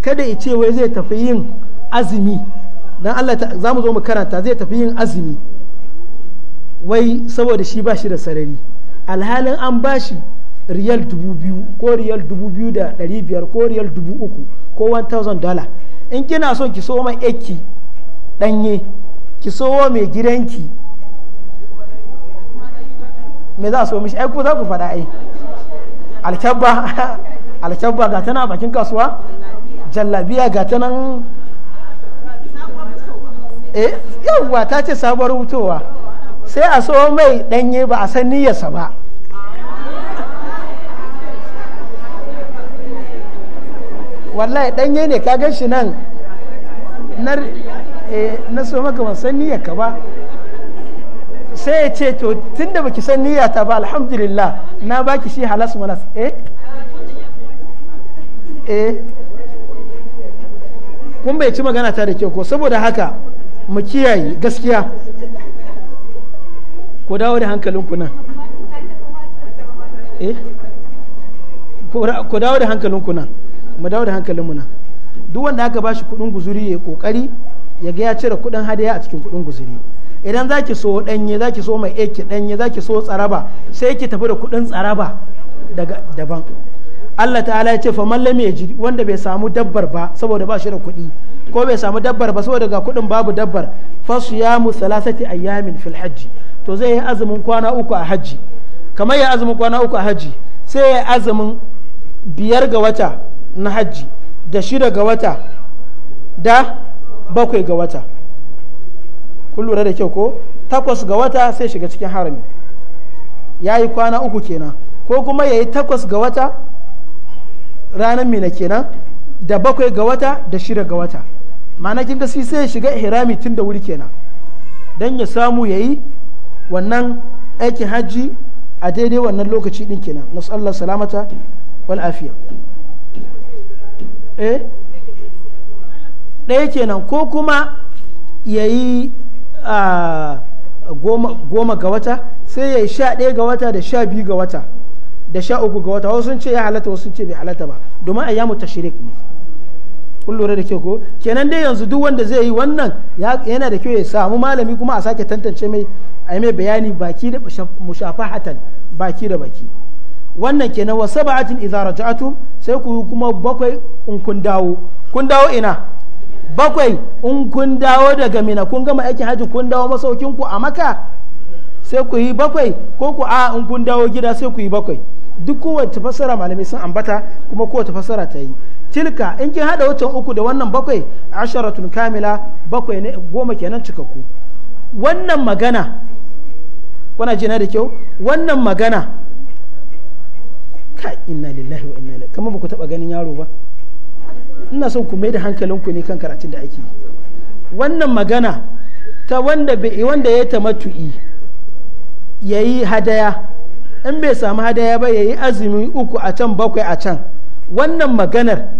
kada ya ce wai zai tafi yin azumi dan Allah za mu zo mu karanta zai tafi yin azumi wai saboda shi ba shi da sarari alhalin an ba shi riyal dubu biyu ko riyal dubu biyu da ɗari biyar ko riyal dubu uku ko 1000 dollar in kina son ki so mai aiki ɗanye ki wa mai gidanki me za a so mishi ai ko za ku faɗa ai alkyabba alkyabba ga tana bakin kasuwa jallabiya ga ta nan eh, yawwa ta ce sabuwar wutowa sai a so mai danye ba a san niyyarsa ba wallahi danye ne ka gan shi nan eh, na so maka ban san niyyarka ba sai ce to tun da baki san niyyata ba alhamdulillah na baki shi halas malas eh eh kun bai ci magana ta da kyau ko saboda haka mu kiyaye gaskiya ku dawo da hankalinku nan eh dawo da hankalinku nan mu dawo da hankalinmu nan duk wanda aka bashi kudin guzuri ya kokari ya ga ya cire kudin hadaya a cikin kudin guzuri idan zaki so danye zaki so mai eke danye zaki so tsaraba sai ki tafi da kudin tsaraba daga daban Allah ta'ala ya ce fa mallam ya jiri wanda bai samu dabbar ba saboda ba shi da kuɗi ko bai samu dabbar ba saboda ga kuɗin babu dabbar fa su ya mu salasati ayyamin fil hajji to zai yi azumin kwana uku a hajji kamar ya azumin kwana uku a hajji sai ya azumin biyar ga wata na hajji da shida ga wata da bakwai ga wata kun da kyau ko takwas ga wata sai shiga cikin harami ya yi kwana uku kenan ko kuma ya yi takwas ga wata ranar mina kenan da bakwai ga wata da shida ga wata ma'ana kin sai ya shiga ihrami tun da wuri kenan don ya samu ya yi wannan aikin hajji a daidai wannan lokaci din kenan na nasallar salamata wal afiya eh ɗaya kenan ko kuma ya yayi ah, goma ga wata sai ya yi sha ɗaya ga wata da sha biyu ga wata da sha uku ga wata wasu sun ce ya halatta wasu sun ce bai halatta ba domin a yamu ne kun lura da ke ko kenan dai yanzu duk wanda zai yi wannan yana da kyau ya samu malami kuma a sake tantance mai a yi mai bayani baki da mushafahatan baki da baki wannan kenan wa sab'atin idza raja'atum sai ku kuma bakwai in kun dawo kun dawo ina bakwai in kun dawo daga mina kun gama aikin haji kun dawo masaukin ku a maka sai ku yi bakwai ko ku a in kun dawo gida sai ku yi bakwai duk kowace fasara malamai sun ambata kuma kowace fasara ta yi tilka in kin hada watan uku da wannan bakwai asharatun kamila bakwai ne goma kenan cikakku wannan magana kuna jina da kyau wannan magana ka inna lillahi wa inna ilaihi kamar ba ku taba ganin yaro ba ina son ku mai da hankalinku ne kan karatun da ake yi wannan magana ta wanda wanda ya tamattu'i ya yi hadaya in bai samu hadaya ba ya yi azumi uku a can bakwai a can wannan maganar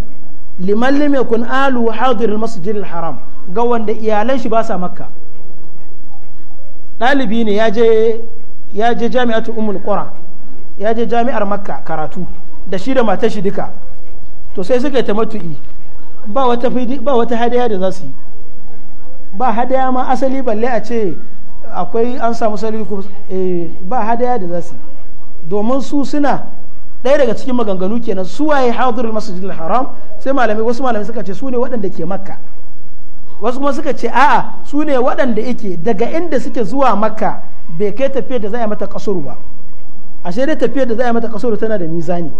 liman lim kun alu hadir masjidil haram ga wanda iyalan shi ba sa makka ɗalibi ne ya je jami'atu umul qura ya je jami'ar makka karatu da shi da matar shi duka to sai suka yi ta matu'i ba wata hadaya da za su yi ba hadaya ma asali balle a ce akwai an samu salil eh, ba hadaya da za su domin su suna ɗaya daga cikin maganganu kenan su waye hadirul masjidil haram sai malami wasu malamai suka ce su ne waɗanda ke makka wasu kuma suka ce a'a su ne waɗanda yake daga inda suke zuwa makka bai kai tafiyar da za a mata kasuru ba ashe dai tafiyar da za a mata kasuru tana da mizani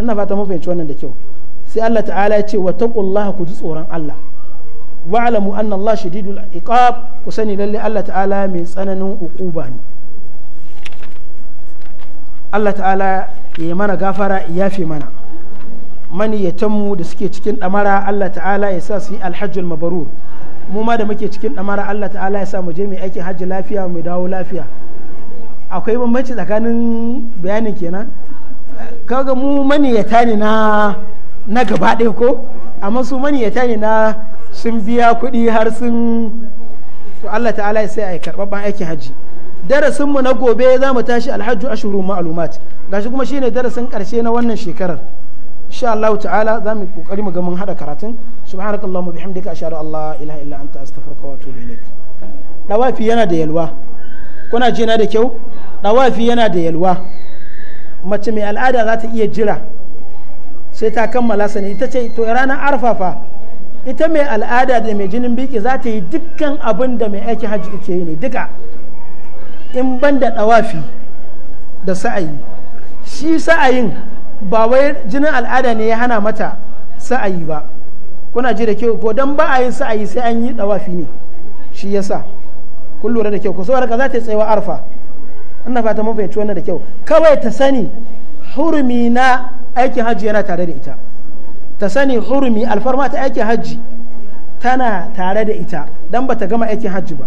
ina fata mun fahimci wannan da kyau sai Allah ta'ala ya ce wa taqullaha ku ji tsoron Allah wa'lamu anna Allah shadidul iqab ku sani lalle Allah ta'ala mai tsananin uquba ne Allah ta'ala ya mana gafara ya fi mana mu da suke cikin ɗamara Allah ta'ala ya sa su yi alhajjul mabarur mu ma da muke cikin ɗamara Allah ta'ala ya sa mu je mai aikin hajji lafiya mu dawo lafiya akwai bambanci tsakanin bayanin kenan kaga mu maniyyata ne na na gaba ɗaya ko amma su maniyata ne na sun biya kuɗi har sun to Allah ta'ala sai a yi karɓaɓɓen aikin hajji darasin mu na gobe za mu tashi alhajju ashuru Ga gashi kuma shine darasin ƙarshe na wannan shekarar insha Allah ta'ala za mu kokari mu ga mun hada karatun subhanakallahumma bihamdika ashhadu an la ilaha illa anta astaghfiruka wa atubu ilaik dawafi yana da yalwa kuna jina da kyau dawafi yana da yalwa mace mai al'ada za ta iya jira sai ta kammala sani ita ce to ranar arfafa ita mai al'ada da mai jinin biki za ta yi dukkan abin da mai aiki hajji ke yi ne duka in ban da dawafi da sa'ayi shi sa'ayin ba wai jinin al'ada ne ya hana mata sa'ayi ba kuna ji da kyau ko dan ba a yin sa'ayi sai an yi dawafi ne shi yasa kun lura da kyau ko saboda za ta yi tsayawa arfa ina fata mun fahimci wannan da kyau kawai ta sani hurumi na aikin hajji yana tare da ita ta sani hurumi alfarma ta aikin hajji tana tare da ita dan ba ta gama aikin hajji ba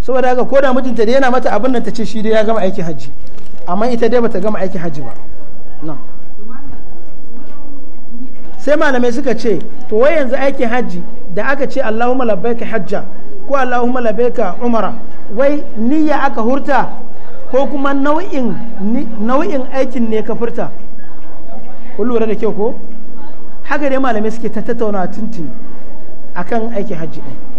saboda haka ko da mijinta da yana mata abin nan ta ce shi dai ya gama aikin hajji amma ita dai ba ta gama aikin hajji ba sai malamai suka ce to wai yanzu aikin hajji da aka ce allahumma labbaika hajja ko allahumma labbaika umara wai niyya aka hurta ko kuma nau'in aikin ne ka furta kun lura da kyau ko haka dai malamai suke ta tattauna tuntuni akan aikin hajji ɗin